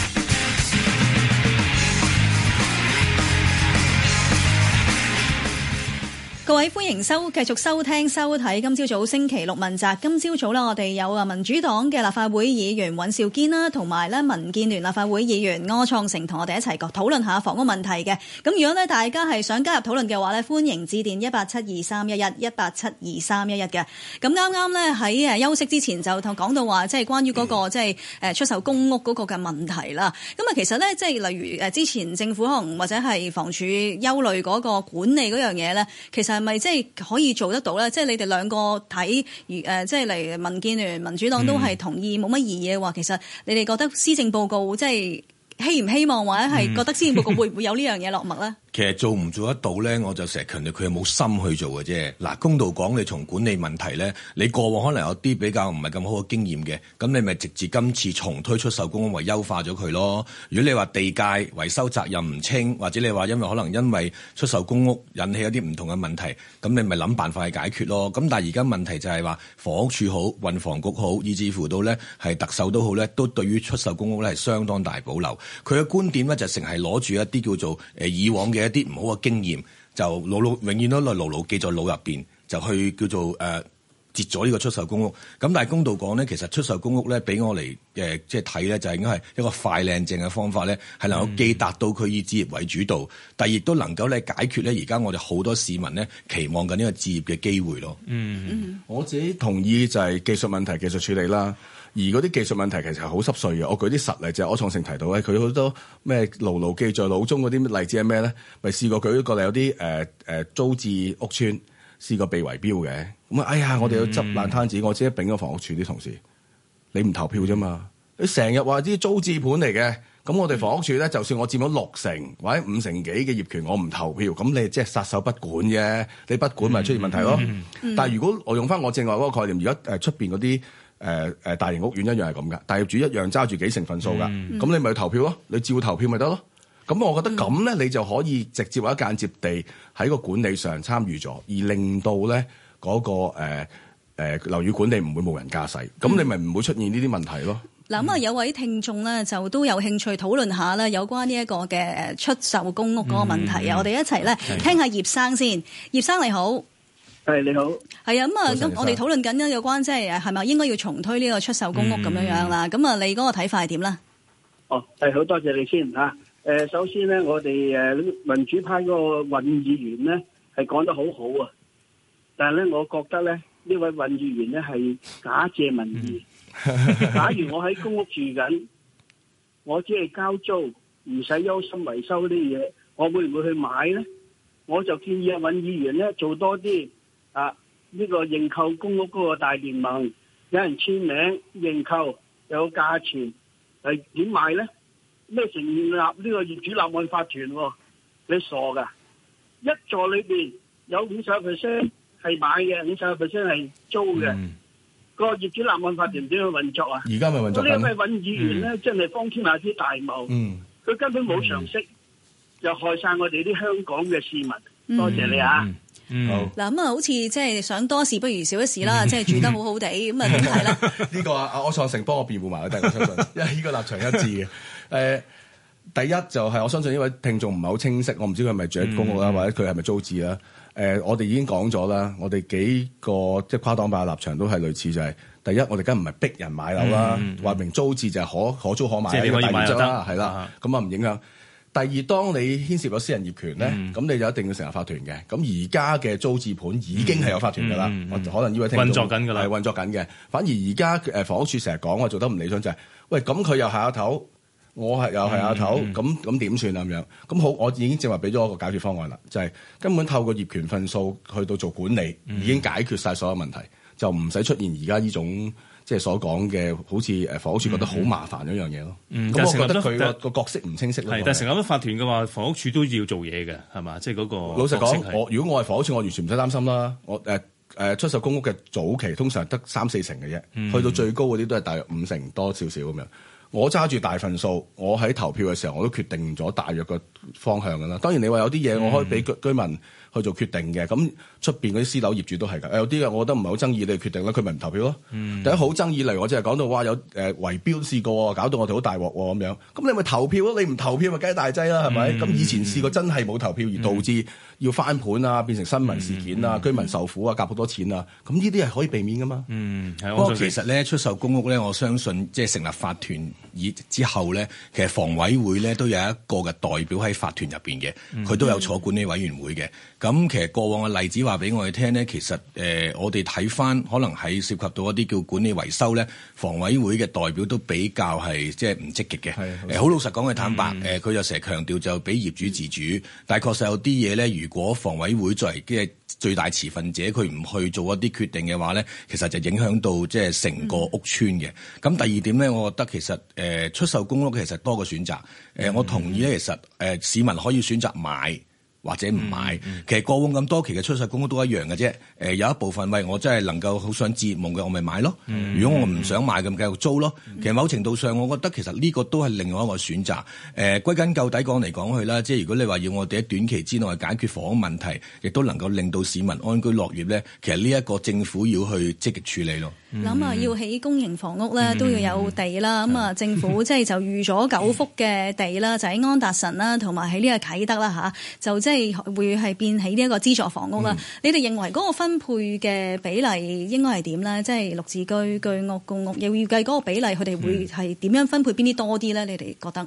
Speaker 6: 各位歡迎收繼續收聽收睇今朝早星期六問責。今朝早呢我哋有啊民主黨嘅立法會議員尹兆堅啦，同埋咧民建聯立法會議員柯創盛同我哋一齊討論下房屋問題嘅。咁如果咧大家係想加入討論嘅話咧，歡迎致電一八七二三一一一八七二三一一嘅。咁啱啱咧喺誒休息之前就講到話，即係關於嗰個即係誒出售公屋嗰個嘅問題啦。咁啊，其實咧即係例如誒之前政府可能或者係房署憂慮嗰個管理嗰樣嘢咧，其實。咪即係可以做得到咧，即係你哋兩個睇、呃，即係嚟民建聯、民主黨都係同意冇乜、嗯、異議嘅話，其實你哋覺得施政報告即係希唔希望或者係覺得施政報告會唔會有呢樣嘢落墨咧？嗯
Speaker 2: 其實做唔做得到呢，我就成日強調佢冇心去做嘅啫。嗱，公道講，你從管理問題呢，你過往可能有啲比較唔係咁好嘅經驗嘅，咁你咪直接今次重推出售公屋為優化咗佢咯。如果你話地界維修責任唔清，或者你話因為可能因為出售公屋引起一啲唔同嘅問題，咁你咪諗辦法去解決咯。咁但係而家問題就係話房屋署好、運房局好，以至乎到呢係特首都好呢都對於出售公屋呢係相當大保留。佢嘅觀點呢，就成係攞住一啲叫做誒以往嘅，一啲唔好嘅經驗，就牢牢永遠都嚟牢牢記在腦入邊，就去叫做接、呃、截咗呢個出售公屋。咁但係公道講咧，其實出售公屋咧，俾我嚟、呃、即係睇咧，就係、是、應該係一個快靚正嘅方法咧，係能夠既達到佢以置業為主導，嗯、但亦都能夠咧解決
Speaker 4: 咧而家我哋好多市民咧期望緊呢個置業嘅機會咯、嗯。嗯，我自己同意就係技術問題、技術處理啦。而嗰啲技術問題其實好濕碎嘅。我舉啲實例就，柯創盛提到咧，佢好多咩牢牢記在腦中嗰啲例子係咩咧？咪試過舉一個例，有啲誒、呃呃、租置屋邨試過被圍標嘅。咁、嗯、啊，嗯嗯嗯、哎呀，我哋要執爛攤子，我只要揈個房屋處啲同事。你唔投票啫嘛？你成日話啲租置盤嚟嘅，咁我哋房屋處咧，嗯、就算我佔咗六成或者五成幾嘅業權，我唔投票，咁你即係撒手不管嘅，你不管咪出現問題咯？嗯嗯、但如果我用翻我正話嗰個概念，如果出邊嗰啲。呃誒誒、呃，大型屋苑一樣係咁噶，大業主一樣揸住幾成份數噶，咁、嗯、你咪去投票咯，你照投票咪得咯。咁我覺得咁咧，嗯、你就可以直接或間接地喺個管理上參與咗，而令到咧、那、嗰個誒誒樓宇管理唔會冇人駕駛，咁、嗯、你咪唔會出現呢啲問題咯。
Speaker 6: 嗱、嗯，咁啊有位聽眾咧就都有興趣討論下咧有關呢一個嘅出售公屋嗰個問題啊，嗯嗯、我哋一齊咧的聽下葉生先。葉生你好。係你好，係啊，咁啊，咁我哋討論緊咧有關即係係咪應該要重推呢個出售公屋咁樣樣啦？咁啊，你嗰個睇法係點咧？
Speaker 5: 哦，係好，多謝你先吓。誒，首先咧，我哋誒民主派嗰個尹議員咧係講得好好啊。但係咧，我覺得咧呢位尹議員咧係假借民意。
Speaker 3: 假
Speaker 5: 如我喺公屋住緊，我只係交租，唔使憂心維修啲嘢，我會唔會去買咧？我就建議阿尹議員咧做多啲。啊！呢個認購公屋嗰個大聯盟，有人簽名認購，有價錢，係點買咧？咩成立呢個業主立案法團？你傻噶？一座裏邊有五十個 percent 係買嘅，五十個 percent 係租嘅。個業主立案法團點去運作啊？而家咪運作咯？呢啲咩搵議員咧？真係方天下之大謀。嗯，佢根本冇常識，又害晒我哋啲香港嘅市民。多謝你啊！
Speaker 4: 嗯，
Speaker 6: 嗯好。嗱，咁啊，好似即係想多事不如少一事啦，即係、嗯、住得好好地，咁啊點睇啦，
Speaker 4: 呢、 這個啊，我創盛幫我辯護埋啦，但我相信， 因為呢個立場一致嘅。誒、呃，第一就係、是、我相信呢位聽眾唔係好清晰，我唔知佢係咪住喺公屋啊，嗯、或者佢係咪租置啊？誒、呃，我哋已經講咗啦，我哋幾個即係跨黨派嘅立場都係類似，就係、是、第一，我哋而家唔係逼人買樓啦，話、嗯嗯、明租置就係可可租可買，即、嗯、你可以買係啦，咁啊唔影響。第二，當你牽涉咗私人業權咧，咁、嗯、你就一定要成立法團嘅。咁而家嘅租置盤已經係有法團噶啦，嗯嗯嗯、我可能呢位聽眾運作緊㗎啦，運作緊嘅。反而而家誒房屋署成日講，我做得唔理想就係、是，喂，咁佢又係阿頭，我係又係阿頭，咁咁點算啊咁樣？咁好，我已經正話俾咗個解決方案啦，就係、是、根本透過業權份數去到做管理，嗯、已經解決晒所有問題，就唔使出現而家呢種。即係所講嘅，好似誒房屋處覺得好麻煩一樣嘢咯。嗯，嗯我覺
Speaker 3: 得佢個個角色唔清晰咯。嗯、是但成日都法團嘅話，房屋處都要做嘢嘅，係嘛？即係嗰個。老實講，我
Speaker 4: 如果我係房屋處，我完全唔使擔心啦。我誒、呃呃、出售公屋嘅早期通常得三四成嘅啫，嗯、去到最高嗰啲都係大約五成多少少咁樣。我揸住大份數，我喺投票嘅時候我都決定咗大約個方向噶啦。當然你話有啲嘢我可以俾居居民去做決定嘅，咁出、嗯、邊嗰啲私樓業主都係噶。有啲嘅我覺得唔係好爭議，你決定啦，佢咪唔投票咯。嗯、第一好爭議，嚟，我即係講到哇，有誒圍、呃、標試過，搞到我哋好大鑊咁樣。咁你咪投票咯，你唔投票咪雞大劑啦，係咪、嗯？咁以前試過真係冇投票而導致。嗯嗯要翻盤啊，變成新聞事件啊，嗯嗯、居民受苦啊，夾好多錢啊，咁呢啲係可以避免㗎嘛？
Speaker 2: 嗯，係。不過其實咧，嗯、出售公屋咧，我相信即係、就是、成立法團以之後咧，其實房委會咧都有一個嘅代表喺法團入邊嘅，佢都有坐管理委員會嘅。咁其實過往嘅例子話俾我哋聽咧，其實誒、呃、我哋睇翻可能喺涉及到一啲叫管理維修咧，房委會嘅代表都比較係即係唔積極嘅。係。好、嗯、老實講嘅、嗯、坦白，誒佢又成日強調就俾業主自主，但係確實有啲嘢咧，如如果房委會作為即最大持份者，佢唔去做一啲決定嘅話咧，其實就影響到即係成個屋村嘅。咁、嗯、第二點咧，我覺得其實誒出售公屋其實多個選擇。誒、嗯、我同意咧，其實誒市民可以選擇買。或者唔買，嗯嗯、其實過往咁多期嘅出售公屋都一樣嘅啫。誒、呃、有一部分喂，我真係能夠好想置業夢嘅，我咪買咯。嗯、如果我唔想買咁，繼續租咯。其實某程度上，我覺得其實呢個都係另外一個選擇。誒、呃，歸根究底講嚟講去啦，即係如果你話要我哋喺短期之內解決房屋問題，亦都能夠令到市民安居樂業咧，其實呢一個政府要去積極處理咯。諗啊，想
Speaker 6: 要起公營房屋咧，都要有地啦。咁啊，政府即係就預咗九幅嘅地啦，就喺安達臣啦，同埋喺呢個啟德啦，吓，就即係會係變起呢一個資助房屋啦。 你哋認為嗰個分配嘅比例應該係點咧？即係六字居居屋公屋，又預計嗰個比例，佢哋會係點樣分配邊啲多啲咧？你哋覺得？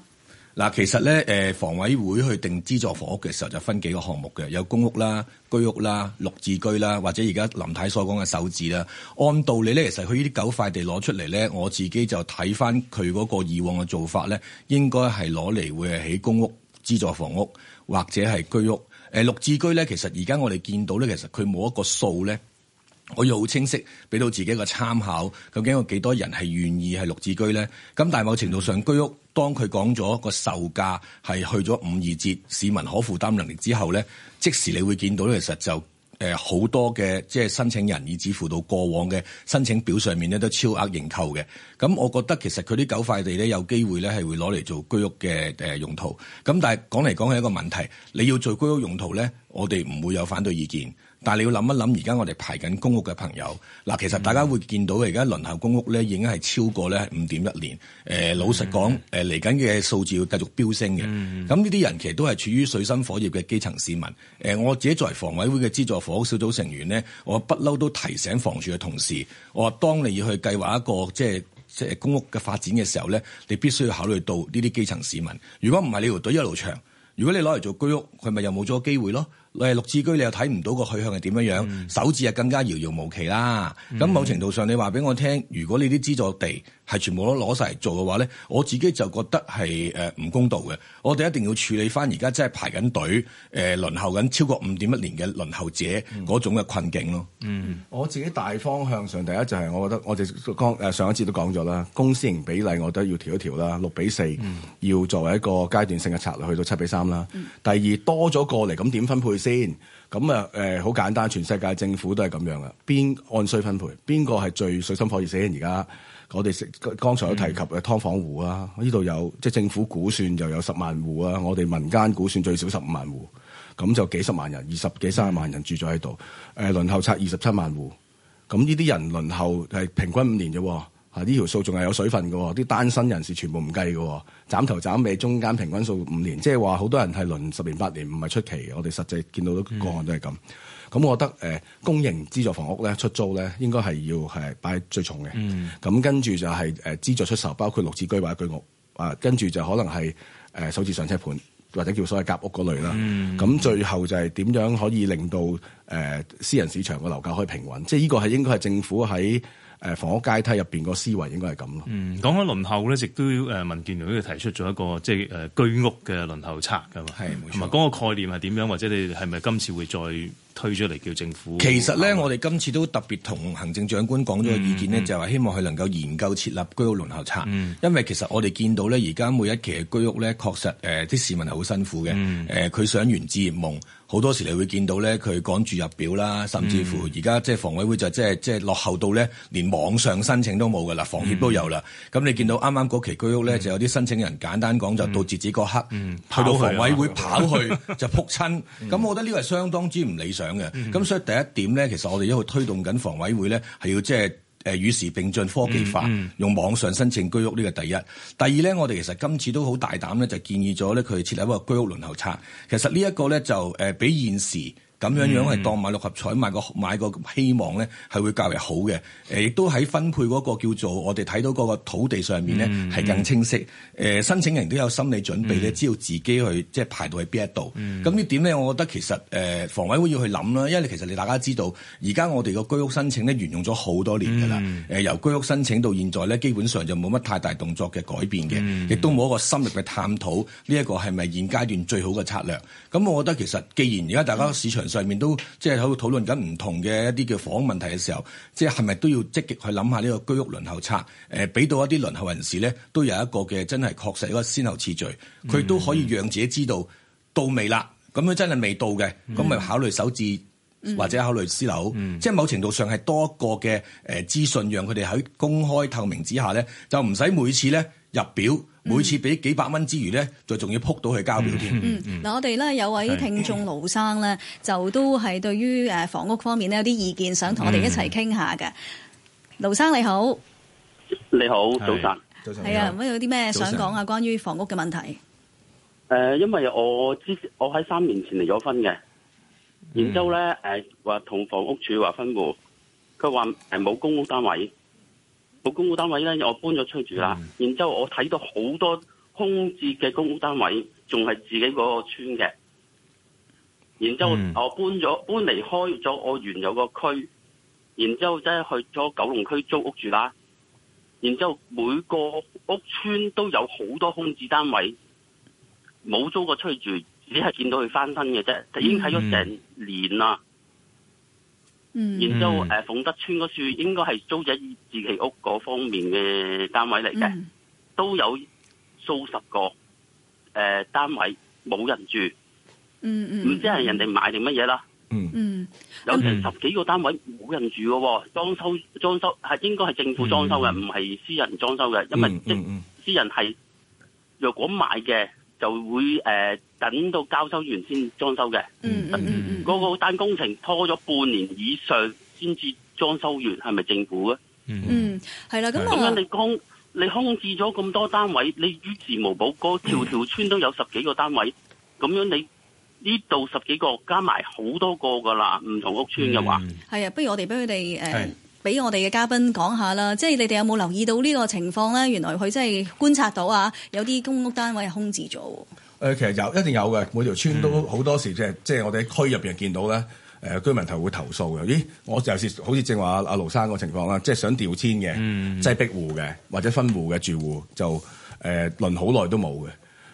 Speaker 2: 嗱，其實咧，誒房委會去定資助房屋嘅時候就分幾個項目嘅，有公屋啦、居屋啦、綠置居啦，或者而家林太所講嘅首置啦。按道理咧，其實佢呢啲九塊地攞出嚟咧，我自己就睇翻佢嗰個以往嘅做法咧，應該係攞嚟會係起公屋資助房屋，或者係居屋。誒綠置居咧，其實而家我哋見到咧，其實佢冇一個數咧。我要好清晰，俾到自己一個參考，究竟有幾多人係願意係綠置居咧？咁但某程度上，居屋當佢講咗個售價係去咗五二折，市民可負擔能力之後咧，即時你會見到其實就誒好多嘅即係申請人，以至乎到過往嘅申請表上面咧都超額認購嘅。咁我覺得其實佢啲九塊地咧有機會咧係會攞嚟做居屋嘅用途。咁但係講嚟講去一個問題，你要做居屋用途咧，我哋唔會有反對意見。但係你要諗一諗，而家我哋排緊公屋嘅朋友，嗱，其實大家會見到而家輪候公屋咧，已經係超過咧五點一年。誒，老實講，誒嚟緊嘅數字會繼續飆升嘅。咁呢啲人其實都係處於水深火熱嘅基層市民。誒，我自己作為房委會嘅資助房屋小組成員咧，我不嬲都提醒房署嘅同事：我話當你要去計劃一個即係即係公屋嘅發展嘅時候咧，你必須要考慮到呢啲基層市民。如果唔係，你條隊一路長，如果你攞嚟做居屋，佢咪又冇咗機會咯？誒，你係綠置居，你又睇唔到個去向係點樣樣。嗯、首置啊更加遙遙無期啦。咁、嗯、某程度上你話俾我聽，如果你啲資助地，係全部都攞晒嚟做嘅話咧，我自己就覺得係誒唔公道嘅。我哋一定要處理翻而家真係排緊隊誒、呃、輪候緊超過五
Speaker 4: 點一年嘅輪候者嗰種嘅困境咯。嗯，我自己大方向上第一就係我覺得我哋上一次都講咗啦，公私營比例我覺得要調一調啦，六比四要作為一個階段性嘅策略去到七比三啦。第二，多咗過嚟咁點分配先？咁啊誒好簡單，全世界政府都係咁樣嘅，邊按需分配？邊個係最水深火熱死人？而家我哋食剛才都提及嘅劏房戶啊，呢度、嗯、有即係政府估算就有十萬戶啊，我哋民間估算最少十五萬戶，咁就幾十萬人，二十幾三十萬人住咗喺度。誒、嗯呃，輪候冊二十七萬戶，咁呢啲人輪候係平均五年啫喎，呢、啊、條數仲係有水分㗎喎，啲、啊、單身人士全部唔計㗎喎、啊，斬頭斬尾中間平均數五年，即係話好多人係輪十年八年唔係出奇，我哋實際見到咗、嗯、個案都係咁。咁，我覺得、呃、公營資助房屋咧出租咧，應該係要係擺最重嘅。咁、嗯、跟住就係誒資助出售，包括綠置居或居屋啊，跟住就可能係誒首次上車盤或者叫所謂夾屋嗰類啦。咁、嗯、最後就係點樣可以令到誒、呃、私人市場嘅樓價可以平穩？嗯、即係呢個係應該係政府喺房屋階梯入邊個思維應該係咁咯。
Speaker 3: 嗯，講緊輪候咧，亦都要、呃、民建聯都提出咗一個即、呃、居屋嘅輪候冊噶嘛，係同埋嗰個概念係點樣？或者你係咪今次會再？推出嚟叫政府，其實咧，
Speaker 2: 我哋今次都特別同行政長官講咗個意見咧，就係希望佢能夠研究設立居屋輪候冊，因為其實我哋見到咧，而家每一期嘅居屋咧，確實誒啲市民係好辛苦嘅。誒，佢想圓置業夢，好多時你會見到咧，佢趕住入表啦，甚至乎而家即係房委會就即係即係落後到咧，連網上申請都冇㗎啦，房協都有啦。咁你見到啱啱嗰期居屋咧，就有啲申請人簡單講就到截止嗰刻，去到房委會跑去就撲親，咁我覺得呢個係相當之唔理想。嘅，咁、嗯、所以第一點咧，其實我哋一路推動緊房委會咧，係要即係誒與時並進科技化，用網上申請居屋呢個第一。第二咧，我哋其實今次都好大膽咧，就建議咗咧佢設立一個居屋輪候冊。其實呢一個咧就誒比現時。咁樣樣係當買六合彩買個買個希望咧，係會較為好嘅。誒、呃，亦都喺分配嗰個叫做我哋睇到嗰個土地上面咧，係、嗯、更清晰。誒、呃，申請人都有心理準備咧，嗯、知道自己去即係排到喺邊、嗯、一度。咁呢點咧，我覺得其實誒、呃、房委會要去諗啦，因為其實你大家知道，而家我哋個居屋申請咧沿用咗好多年㗎啦。誒、嗯，由居屋申請到現在咧，基本上就冇乜太大動作嘅改變嘅，亦都冇一個深入嘅探討呢一、個係咪現階段最好嘅策略。咁我覺得其實既然而家大家市場，上面都即係喺度討論緊唔同嘅一啲嘅房屋問題嘅時候，即係係咪都要積極去諗下呢個居屋輪候冊誒俾到一啲輪候人士咧，都有一個嘅真係確實一個先後次序，佢都可以讓自己知道、mm hmm. 到未啦。咁樣真係未到嘅，咁咪、mm hmm. 考慮首置或者考慮私樓，mm hmm. 即係某程度上係多一個嘅誒資訊，讓佢哋喺公開透明之下咧，就唔使每次咧入表。每次俾幾百蚊之餘咧，就仲要撲到去交表添。嗯，
Speaker 6: 嗱，我哋咧有位聽眾盧生咧，就都係對於房屋方面咧有啲意見，想同我哋一齊傾下嘅。盧生你好，
Speaker 5: 你好早晨，早晨。
Speaker 6: 係啊，有啲咩想講啊？關於房屋嘅問題。
Speaker 5: 誒，因為我之我喺三年前離咗婚嘅，然之後呢，咧話同房屋署話分戶，佢話冇公屋單位。個公屋單位咧，我搬咗出去住啦。嗯、然之後我睇到好多空置嘅公屋單位，仲係自己嗰個村嘅。然之後我搬咗、嗯、搬離開咗我原有個區，然之後即係去咗九龍區租屋住啦。然之後每個屋村都有好多空置單位，冇租過出去住，只係見到佢翻身嘅啫，嗯、已經睇咗成年啦。然之後，誒，鳳德邨嗰處應該係租者置其屋嗰方面嘅單位嚟嘅，都有數十個誒單位冇人住，
Speaker 3: 嗯嗯，唔知係人哋
Speaker 5: 買定乜嘢啦，嗯
Speaker 3: 嗯，
Speaker 5: 有成十幾個單位冇人住嘅，裝修裝修係應該係政府裝修嘅，唔係私人裝修嘅，因為即係私人係若果買嘅就會誒。呃等到交收完先裝修嘅，嗰個單工程拖咗半年以上先至裝修完，係咪政府啊？嗯，
Speaker 6: 係啦，咁啊，咁你
Speaker 5: 空你空置咗咁多單位，你於事無補，嗰個條條村都有十幾個單位，咁、嗯、樣你呢度十幾個加埋好多個噶啦，唔同屋村嘅話，
Speaker 6: 係啊、嗯，不如我哋俾佢哋誒，俾、呃、的我哋嘅嘉賓講下啦，即係你哋有冇留意到呢個情況咧？原來佢真係觀察到啊，有啲公屋單位係空置咗。
Speaker 4: 誒其實有一定有嘅，每條村都好、嗯、多時即係即係我哋喺區入邊見到咧，誒、呃、居民頭會投訴嘅。咦，我就是好似正話阿阿盧生嗰情況啦，即係想調遷嘅、嗯、即擠迫戶嘅或者分戶嘅住戶就誒、呃、輪好耐都冇嘅。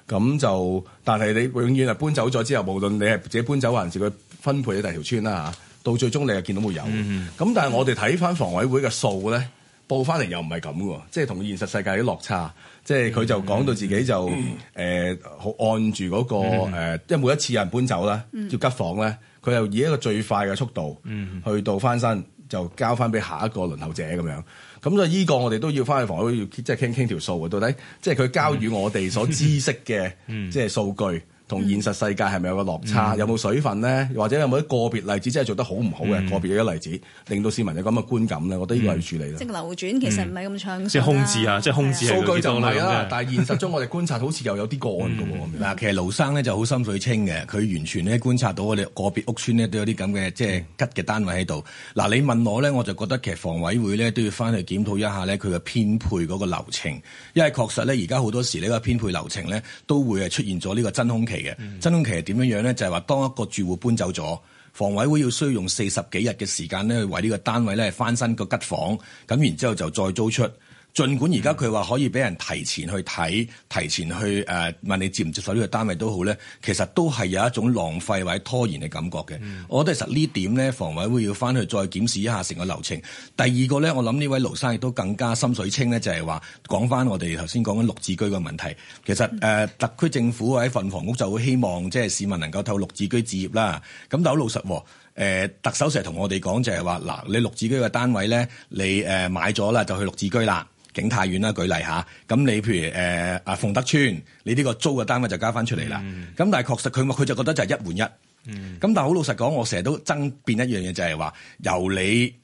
Speaker 4: 咁就但係你永遠係搬走咗之後，無論你係自己搬走還是佢分配喺第二條村啦嚇，到最終你係見到會有嘅。咁、嗯、但係我哋睇翻房委會嘅數咧，報翻嚟又唔係咁喎，即係同現實世界啲落差。即係佢就講到自己就誒好、mm hmm. 呃、按住嗰個誒即係每一次有人搬走啦，要吉、mm hmm. 房咧，佢又以一個最快嘅速度、mm hmm. 去到翻新就交翻俾下一個輪候者咁樣，咁所以依個我哋都要翻去房都要即係傾傾條數喎。到底即係佢交與我哋所知悉嘅、mm hmm. 即係數據。Mm hmm. 嗯同現實世界係咪有個落差？嗯、有冇水分咧？或者有冇啲個別例子真係做得好唔好嘅個別嘅例子，令到市民有咁嘅觀感咧？我覺得應該要處理。即係流
Speaker 6: 轉其實唔係咁暢，即係空置啊！嗯、即
Speaker 4: 係空置啊！即空
Speaker 3: 置的數據就係
Speaker 2: 啦，
Speaker 4: 但係現實中我哋觀察好似又
Speaker 2: 有啲個案㗎喎。嗱、嗯，其實盧生咧就好心水清嘅，佢完全咧觀察到我哋個別屋邨咧都有啲咁嘅即係吉嘅單位喺度。嗱、啊，你問我咧，我就覺得其實房委會咧都要翻去檢討一下咧佢嘅編配嗰個流程，因為確實咧而家好多時呢個編配流程咧都會係出現咗呢個真空期。嗯、真空期係點樣樣咧？就係、是、話當一個住戶搬走咗，房委會要需要用四十幾日嘅時間咧，去為呢個單位咧翻新個吉房，咁然之後就再租出。儘管而家佢話可以俾人提前去睇、提前去誒、呃、問你接唔接受呢個單位都好咧，其實都係有一種浪費或者拖延嘅感覺嘅。嗯、我覺得其實呢點咧，房委會要翻去再檢視一下成個流程。第二個咧，我諗呢位盧生亦都更加心水清咧，就係話講翻我哋頭先講緊綠置居嘅問題。其實誒、呃、特區政府喺分房屋就會希望即係市民能夠透過綠置居置業啦。咁但好老實喎、呃，特首成日同我哋講就係話嗱，你綠置居嘅單位咧，你誒、呃、買咗啦就去綠置居啦。景泰苑啦，舉例下咁你譬如誒啊，鳳德邨，你呢個租嘅單位就交翻出嚟啦。咁、嗯、但係確實佢佢就覺得就係一換一。咁、嗯、但好老實講，我成日都爭辯一樣嘢，就係、是、話由你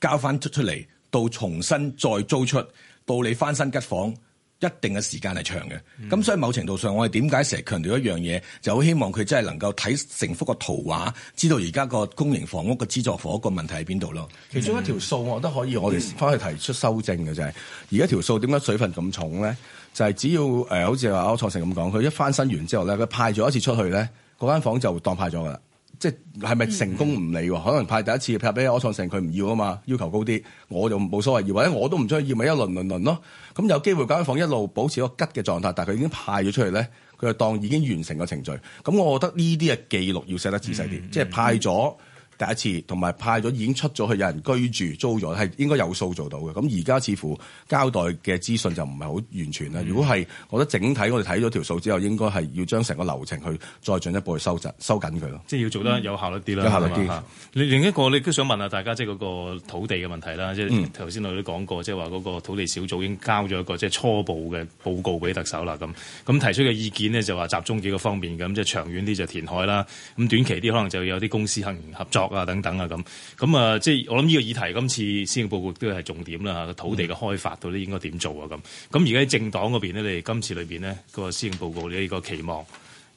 Speaker 2: 交翻出出嚟到重新再租出，到你翻新吉房。一定嘅時間係長嘅，咁、嗯、所以某程度上，我哋點解成日強調一樣嘢，就好希望佢真係能夠睇成幅個圖畫，知道而
Speaker 4: 家個公營房屋嘅資助房個問題喺邊度咯。嗯、其中一條數，我覺得可以，我哋翻去提出修正嘅就係而家條數點解水分咁重咧？就係、是、只要誒、呃，好似話柯創盛咁講，佢一翻新完之後咧，佢派咗一次出去咧，嗰間房就當派咗噶啦。即係係咪成功唔理喎？嗯、可能派第一次派俾柯創盛佢唔要啊嘛，要求高啲，我就冇所謂要。而或者我都唔中意，咪一輪輪輪咯。咁有機會間房一路保持一個吉嘅狀態，但係佢已經派咗出嚟咧，佢就當已經完成個程序。咁我覺得呢啲嘅記錄要寫得仔細啲，嗯、即係派咗。第一次，同埋派咗已經出咗去，有人居住租咗，係應該有數做到嘅。咁而家似乎交代嘅資訊就唔係好完全啦。嗯、如果係，我覺得整體我哋睇咗條數之後，應該係要將成個流程去再進一步去收集收緊佢咯。
Speaker 3: 即係要做得有效率啲啦。有效率啲。你吧、嗯、另一個你都想問下大家，即係嗰個土地嘅問題啦。即係頭先我哋都講過，即係話嗰個土地小組已經交咗一個即係、就是、初步嘅報告俾特首啦。咁咁提出嘅意見咧，就話集中幾個方面咁，即係長遠啲就填海啦，咁短期啲可能就有啲公私營合作。啊，等等啊，咁咁啊，即係我諗呢個議題，今次施政報告都係重點啦。土地嘅開發到底應該點做啊？咁咁而家喺政黨嗰邊咧，你哋今次裏邊咧個施政報告你呢個期望，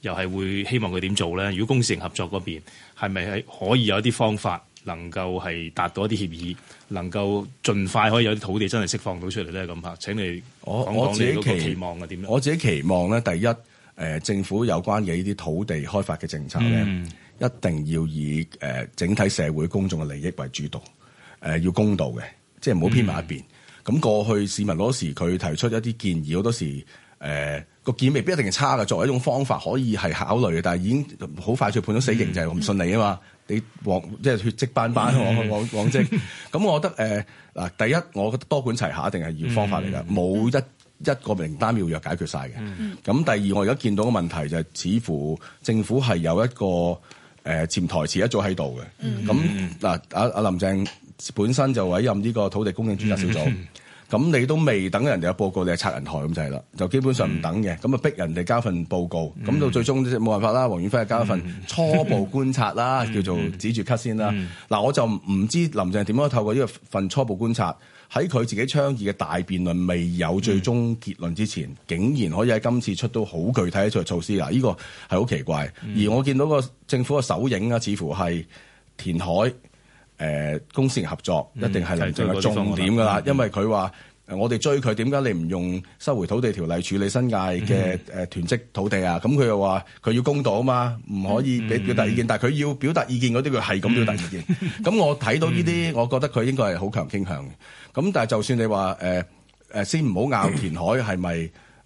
Speaker 3: 又係會希望佢點做咧？如果公私合作嗰邊，係咪係可以有一啲方法，能夠係達到一啲協議，能夠盡快可以有啲土地真係釋放到出嚟咧？咁啊，請你講講你嗰個期望啊？點咧？我
Speaker 4: 自己期望咧，第一誒，政府有關嘅呢啲土地開發嘅政策咧。嗯一定要以誒、呃、整體社會公眾嘅利益為主導，誒、呃、要公道嘅，即係唔好偏埋一邊。咁、嗯、過去市民嗰時佢提出一啲建議，好多時誒個、呃、建未必一定係差嘅，作為一種方法可以係考慮嘅。但係已經好快脆判咗死刑，嗯、就係唔信你啊嘛！你黃即係血跡斑斑，黃黃黃黃跡。咁 我覺得誒嗱、呃，第一我覺得多管齊下一定係要方法嚟㗎，冇、嗯、一、嗯、一個名單妙藥解決晒嘅。咁、嗯、第二我而家見到嘅問題就係、是，似乎政府係有一個。誒潛台詞一早喺度嘅，咁嗱阿阿林鄭本身就委任呢個土地供應專責小組，咁、mm hmm. 你都未等人哋有報告，你係拆人台咁就係啦，就基本上唔等嘅，咁啊、mm hmm. 逼人哋交份報告，咁、mm hmm. 到最終冇辦法啦，黃遠輝係交一份初步觀察、mm hmm. 啦，叫做止住咳先啦，嗱、mm hmm. 我就唔知林鄭點樣透過呢個份初步觀察。喺佢自己倡議嘅大辯論未有最終結論之前，嗯、竟然可以喺今次出到好具體嘅措施，嗱，呢個係好奇怪。嗯、而我見到個政府嘅首映，啊似乎係填海，呃、公私合作一定係林鄭嘅重點㗎啦，嗯、他因為佢話。嗯我哋追佢點解你唔用收回土地條例處理新界嘅誒囤積土地啊？咁佢又話佢要公道啊嘛，唔可以俾、mm hmm. 表，表達意見，但佢要表達意見嗰啲，佢係咁表達意見。咁我睇到呢啲，hmm. 我覺得佢應該係好強傾向嘅。咁但係就算你話誒、呃、先唔好拗填海係咪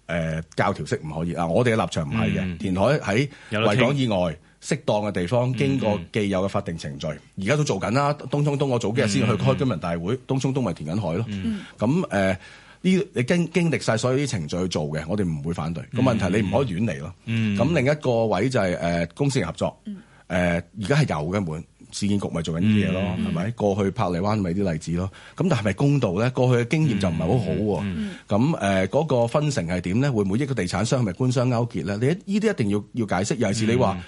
Speaker 4: 誒教條式唔可以啊？我哋嘅立場唔係嘅，填、mm hmm. 海喺維港以外。適當嘅地方，經過既有嘅法定程序，而家、嗯嗯、都做緊啦。東涌東我早幾日先去開居民大會，嗯嗯、東涌東咪填緊海咯。咁誒、嗯，呢、呃、你經經歷晒所有啲程序去做嘅，我哋唔會反對。咁、嗯、問題你唔可以亂嚟咯。咁、嗯、另一個位就係、是呃、公私合作，誒而家係有嘅門，市建局咪做緊啲嘢咯，係咪、嗯嗯？過去珀麗灣咪啲例子咯。咁但係咪公道咧？過去嘅經驗就唔係好好、啊、喎。咁誒嗰個分成係點咧？會唔會一個地產商係咪官商勾結咧？你呢啲一定要要解釋。尤其是你話。嗯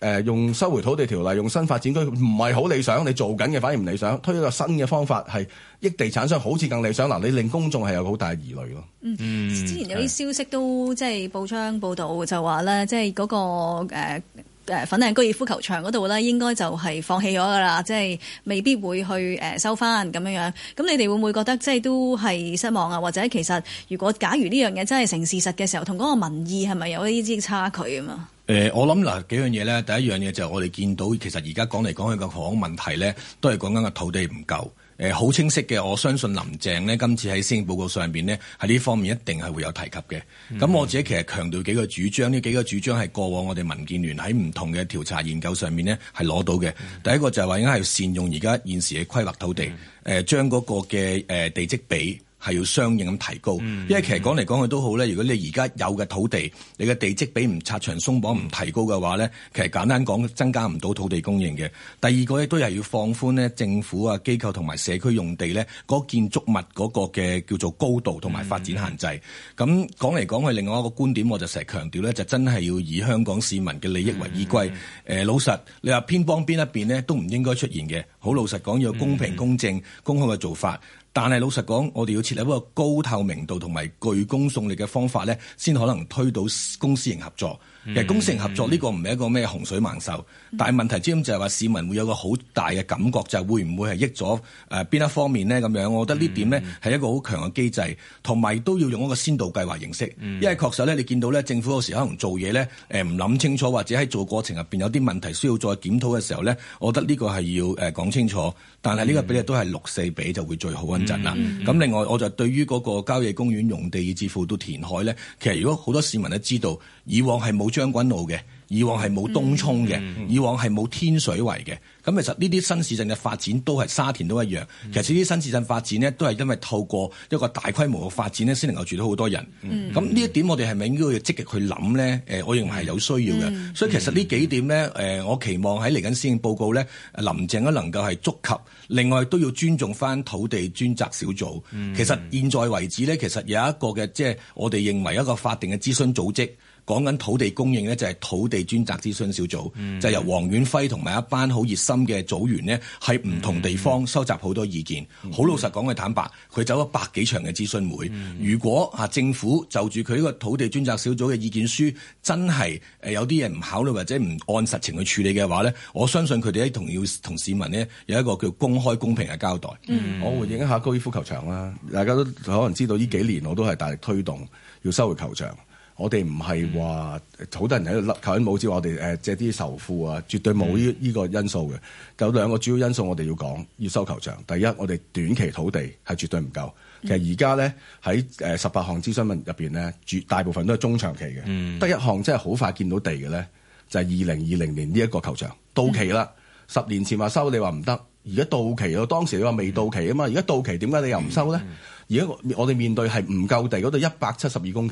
Speaker 4: 誒用收回土地條例用新發展區唔係好理想，你做緊嘅反而唔理想，推一個新嘅方法係益地產商好似更理想嗱，你令公眾係有好大疑慮咯。嗯，
Speaker 6: 之前有啲消息都即係報章報導就話咧，即係嗰個、呃誒、呃、粉嶺高爾夫球場嗰度咧，應該就係放棄咗㗎啦，即係未必會去誒、呃、收翻咁樣樣。咁你哋會唔會覺得即係都係失望啊？或者其實如果假如呢樣嘢真係成事實嘅時候，同嗰個民意係咪有呢啲差距啊？嘛
Speaker 2: 誒、呃，我諗嗱幾樣嘢咧，第一樣嘢就係我哋見到其實而家講嚟講去個房問題咧，都係講緊個土地唔夠。誒好、呃、清晰嘅，我相信林鄭呢，今次喺施政報告上面呢，喺呢方面一定係會有提及嘅。咁我自己其實強調幾個主張，呢幾個主張係過往我哋民建聯喺唔同嘅調查研究上面呢係攞到嘅。嗯、第一個就係話應該係善用而家現時嘅規劃土地，嗯呃、將嗰個嘅、呃、地積比。係要相應咁提高，因為其實講嚟講去都好咧。如果你而家有嘅土地，你嘅地積比唔拆牆鬆綁唔提高嘅話咧，其實簡單講增加唔到土地供應嘅。第二個咧都係要放寬咧政府啊機構同埋社區用地咧嗰建築物嗰個嘅叫做高度同埋發展限制。咁講嚟講去，另外一個觀點我就成日強調咧，就是、真係要以香港市民嘅利益為依歸。嗯嗯嗯嗯老實，你話偏幫邊一邊呢都唔應該出現嘅。好老實講，要公平公正公開嘅做法。但係老實講，我哋要設立一個高透明度同埋具公信力嘅方法咧，先可能推到公私營合作。其實公私合作呢、嗯、個唔係一個咩洪水猛獸，嗯、但係問題之中就係話市民會有個好大嘅感覺就會會，就係會唔會係益咗誒邊一方面呢？咁樣？我覺得呢點呢係、嗯、一個好強嘅機制，同埋都要用一個先導計劃形式，嗯、因為確實咧你見到咧政府有時可能做嘢咧唔諗清楚，或者喺做過程入邊有啲問題需要再檢討嘅時候咧，我覺得呢個係要誒、呃、講清楚。但係呢個比例都係六四比就會最好穩陣、嗯嗯、啦。咁另外我就對於嗰個郊野公園用地，甚至乎到填海咧，其實如果好多市民都知道。以往係冇將軍澳嘅，以往係冇東涌嘅，嗯、以往係冇天水圍嘅。咁其實呢啲新市鎮嘅發展都係沙田都一樣。嗯、其實呢啲新市鎮發展呢，都係因為透過一個大規模嘅發展呢先能夠住到好多人。咁呢、嗯、一點我哋係咪應該要積極去諗呢？誒，我認為係有需要嘅。嗯、所以其實呢幾點呢，嗯、我期望喺嚟緊施政報告呢，林鄭都能夠係觸及。另外都要尊重翻土地專責小組。嗯、其實現在為止呢，其實有一個嘅，即、就、係、是、我哋認為一個法定嘅諮詢組織。講緊土地供應呢，就係、是、土地專責諮詢小組，嗯、就由黃遠輝同埋一班好熱心嘅組員呢，喺唔同地方收集好多意見，好、嗯、老實講嘅坦白，佢走咗百幾場嘅諮詢會。嗯、如果啊政府就住佢呢個土地專責小組嘅意見書，真係有啲嘢唔考慮或者唔按實情去處理嘅話呢，我相信佢哋一同要
Speaker 4: 同市民呢，有一個叫公開公平嘅交代。嗯、我回應一下高爾夫球場啦，大家都可能知道呢幾年我都係大力推動要收回球場。我哋唔係話好多人喺度扣緊，帽子話我哋借啲仇富啊，絕對冇呢呢個因素嘅。有、嗯、兩個主要因素我要，我哋要講要收球場。第一，我哋短期土地係絕對唔夠。嗯、其實而家咧喺誒十八項諮詢文入面咧，絕大部分都係中長期嘅，得、嗯、一項真係好快見到地嘅咧，就係二零二零年呢一個球場到期啦。十、嗯、年前話收你話唔得，而家到期咯。當時你話未到期啊嘛，而家到期點解你又唔收咧？而家、嗯嗯、我哋面對係唔夠地嗰度一百七十二公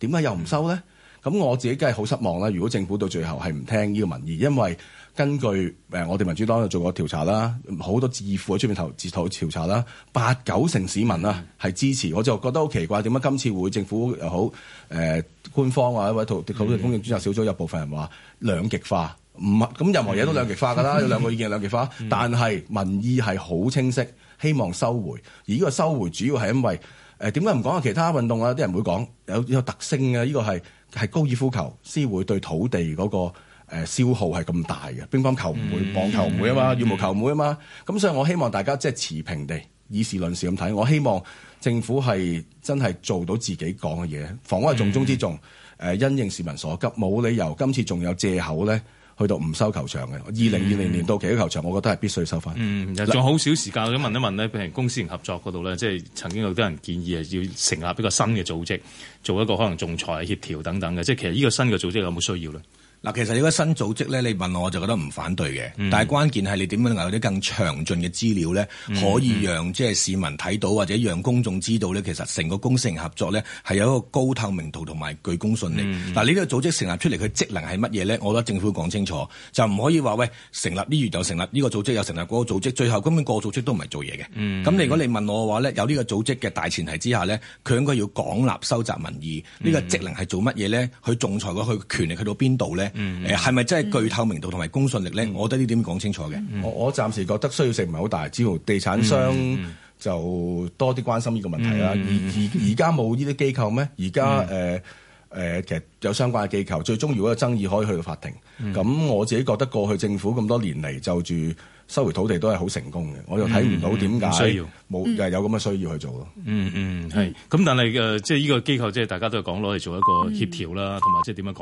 Speaker 4: 點解又唔收咧？咁我自己梗係好失望啦！如果政府到最後係唔聽呢個民意，因為根據誒我哋民主黨有做過調查啦，好多智庫喺出面投自討調查啦，八九成市民啊係支持，我就覺得好奇怪，點解今次會政府又好誒官方啊或者土地供應專責小組有部分人話兩極化，唔咁任何嘢都兩極化噶啦，有、嗯、兩個意見兩極化，嗯、但係民意係好清晰，希望收回而呢個收回主要係因為。誒，點解唔講下其他運動啊？啲人會講有有特性嘅呢，這個係係高爾夫球先會對土地嗰，那個誒、呃、消耗係咁大嘅。乒乓球唔會，網球唔會啊嘛，羽毛球唔會啊嘛。咁所以我希望大家即係持平地以事論事咁睇。我希望政府係真係做到自己講嘅嘢，房屋係重中之重。誒、嗯呃，因應市民所急，冇理由今次仲有借口咧。去到唔收球場嘅，二零二零年到期嘅球場，我覺得係必須收翻。嗯，仲好
Speaker 3: 少時間，來我想問一問咧，譬如公私營合作嗰度咧，即係曾經有啲人建議係要成立一個新嘅組織，做一個可能仲裁啊、協調等等嘅，即係其實呢個新嘅組織有冇需要咧？嗱，其實如果新組織咧，你問我我就覺得唔反對嘅，嗯、但係關鍵係
Speaker 2: 你點樣有啲更詳盡嘅資料咧，嗯嗯、可以讓即係市民睇到或者讓公眾知道咧，其實成個公私營合作咧係有一個高透明度同埋具公信力。嗱、嗯，呢、啊這個組織成立出嚟佢職能係乜嘢咧？我覺得政府講清楚就唔可以話：喂成立呢，例如又成立呢個組織又成立嗰個組織，最後根本個組織都唔係做嘢嘅。咁、嗯、如果你問我嘅話咧，有呢個組織嘅大前提之下咧，佢應該要廣納收集民意，嗯、個呢個職能係做乜嘢咧？佢仲裁佢權力去到邊度咧？誒，係咪、嗯呃、真係具透明度同埋公信力咧？嗯、我覺得呢點講清楚嘅。嗯、我
Speaker 4: 我暫時覺得需要性唔係好大，只要地產商、嗯嗯、就多啲關心呢個問題啦。而而家冇呢啲機構咩？而家誒誒，其實有相關嘅機構，最終如果有爭議，可以去到法庭。咁、嗯、我自己覺得過去政府咁多年嚟就住收回土地都係好成功嘅，我又睇唔到點解冇誒有咁嘅、嗯嗯、需，需要去做咯、嗯。
Speaker 3: 嗯嗯，係。咁但係誒、呃，即係呢個機構，即係大家都係講攞嚟做一個協調啦，同埋即係點樣講？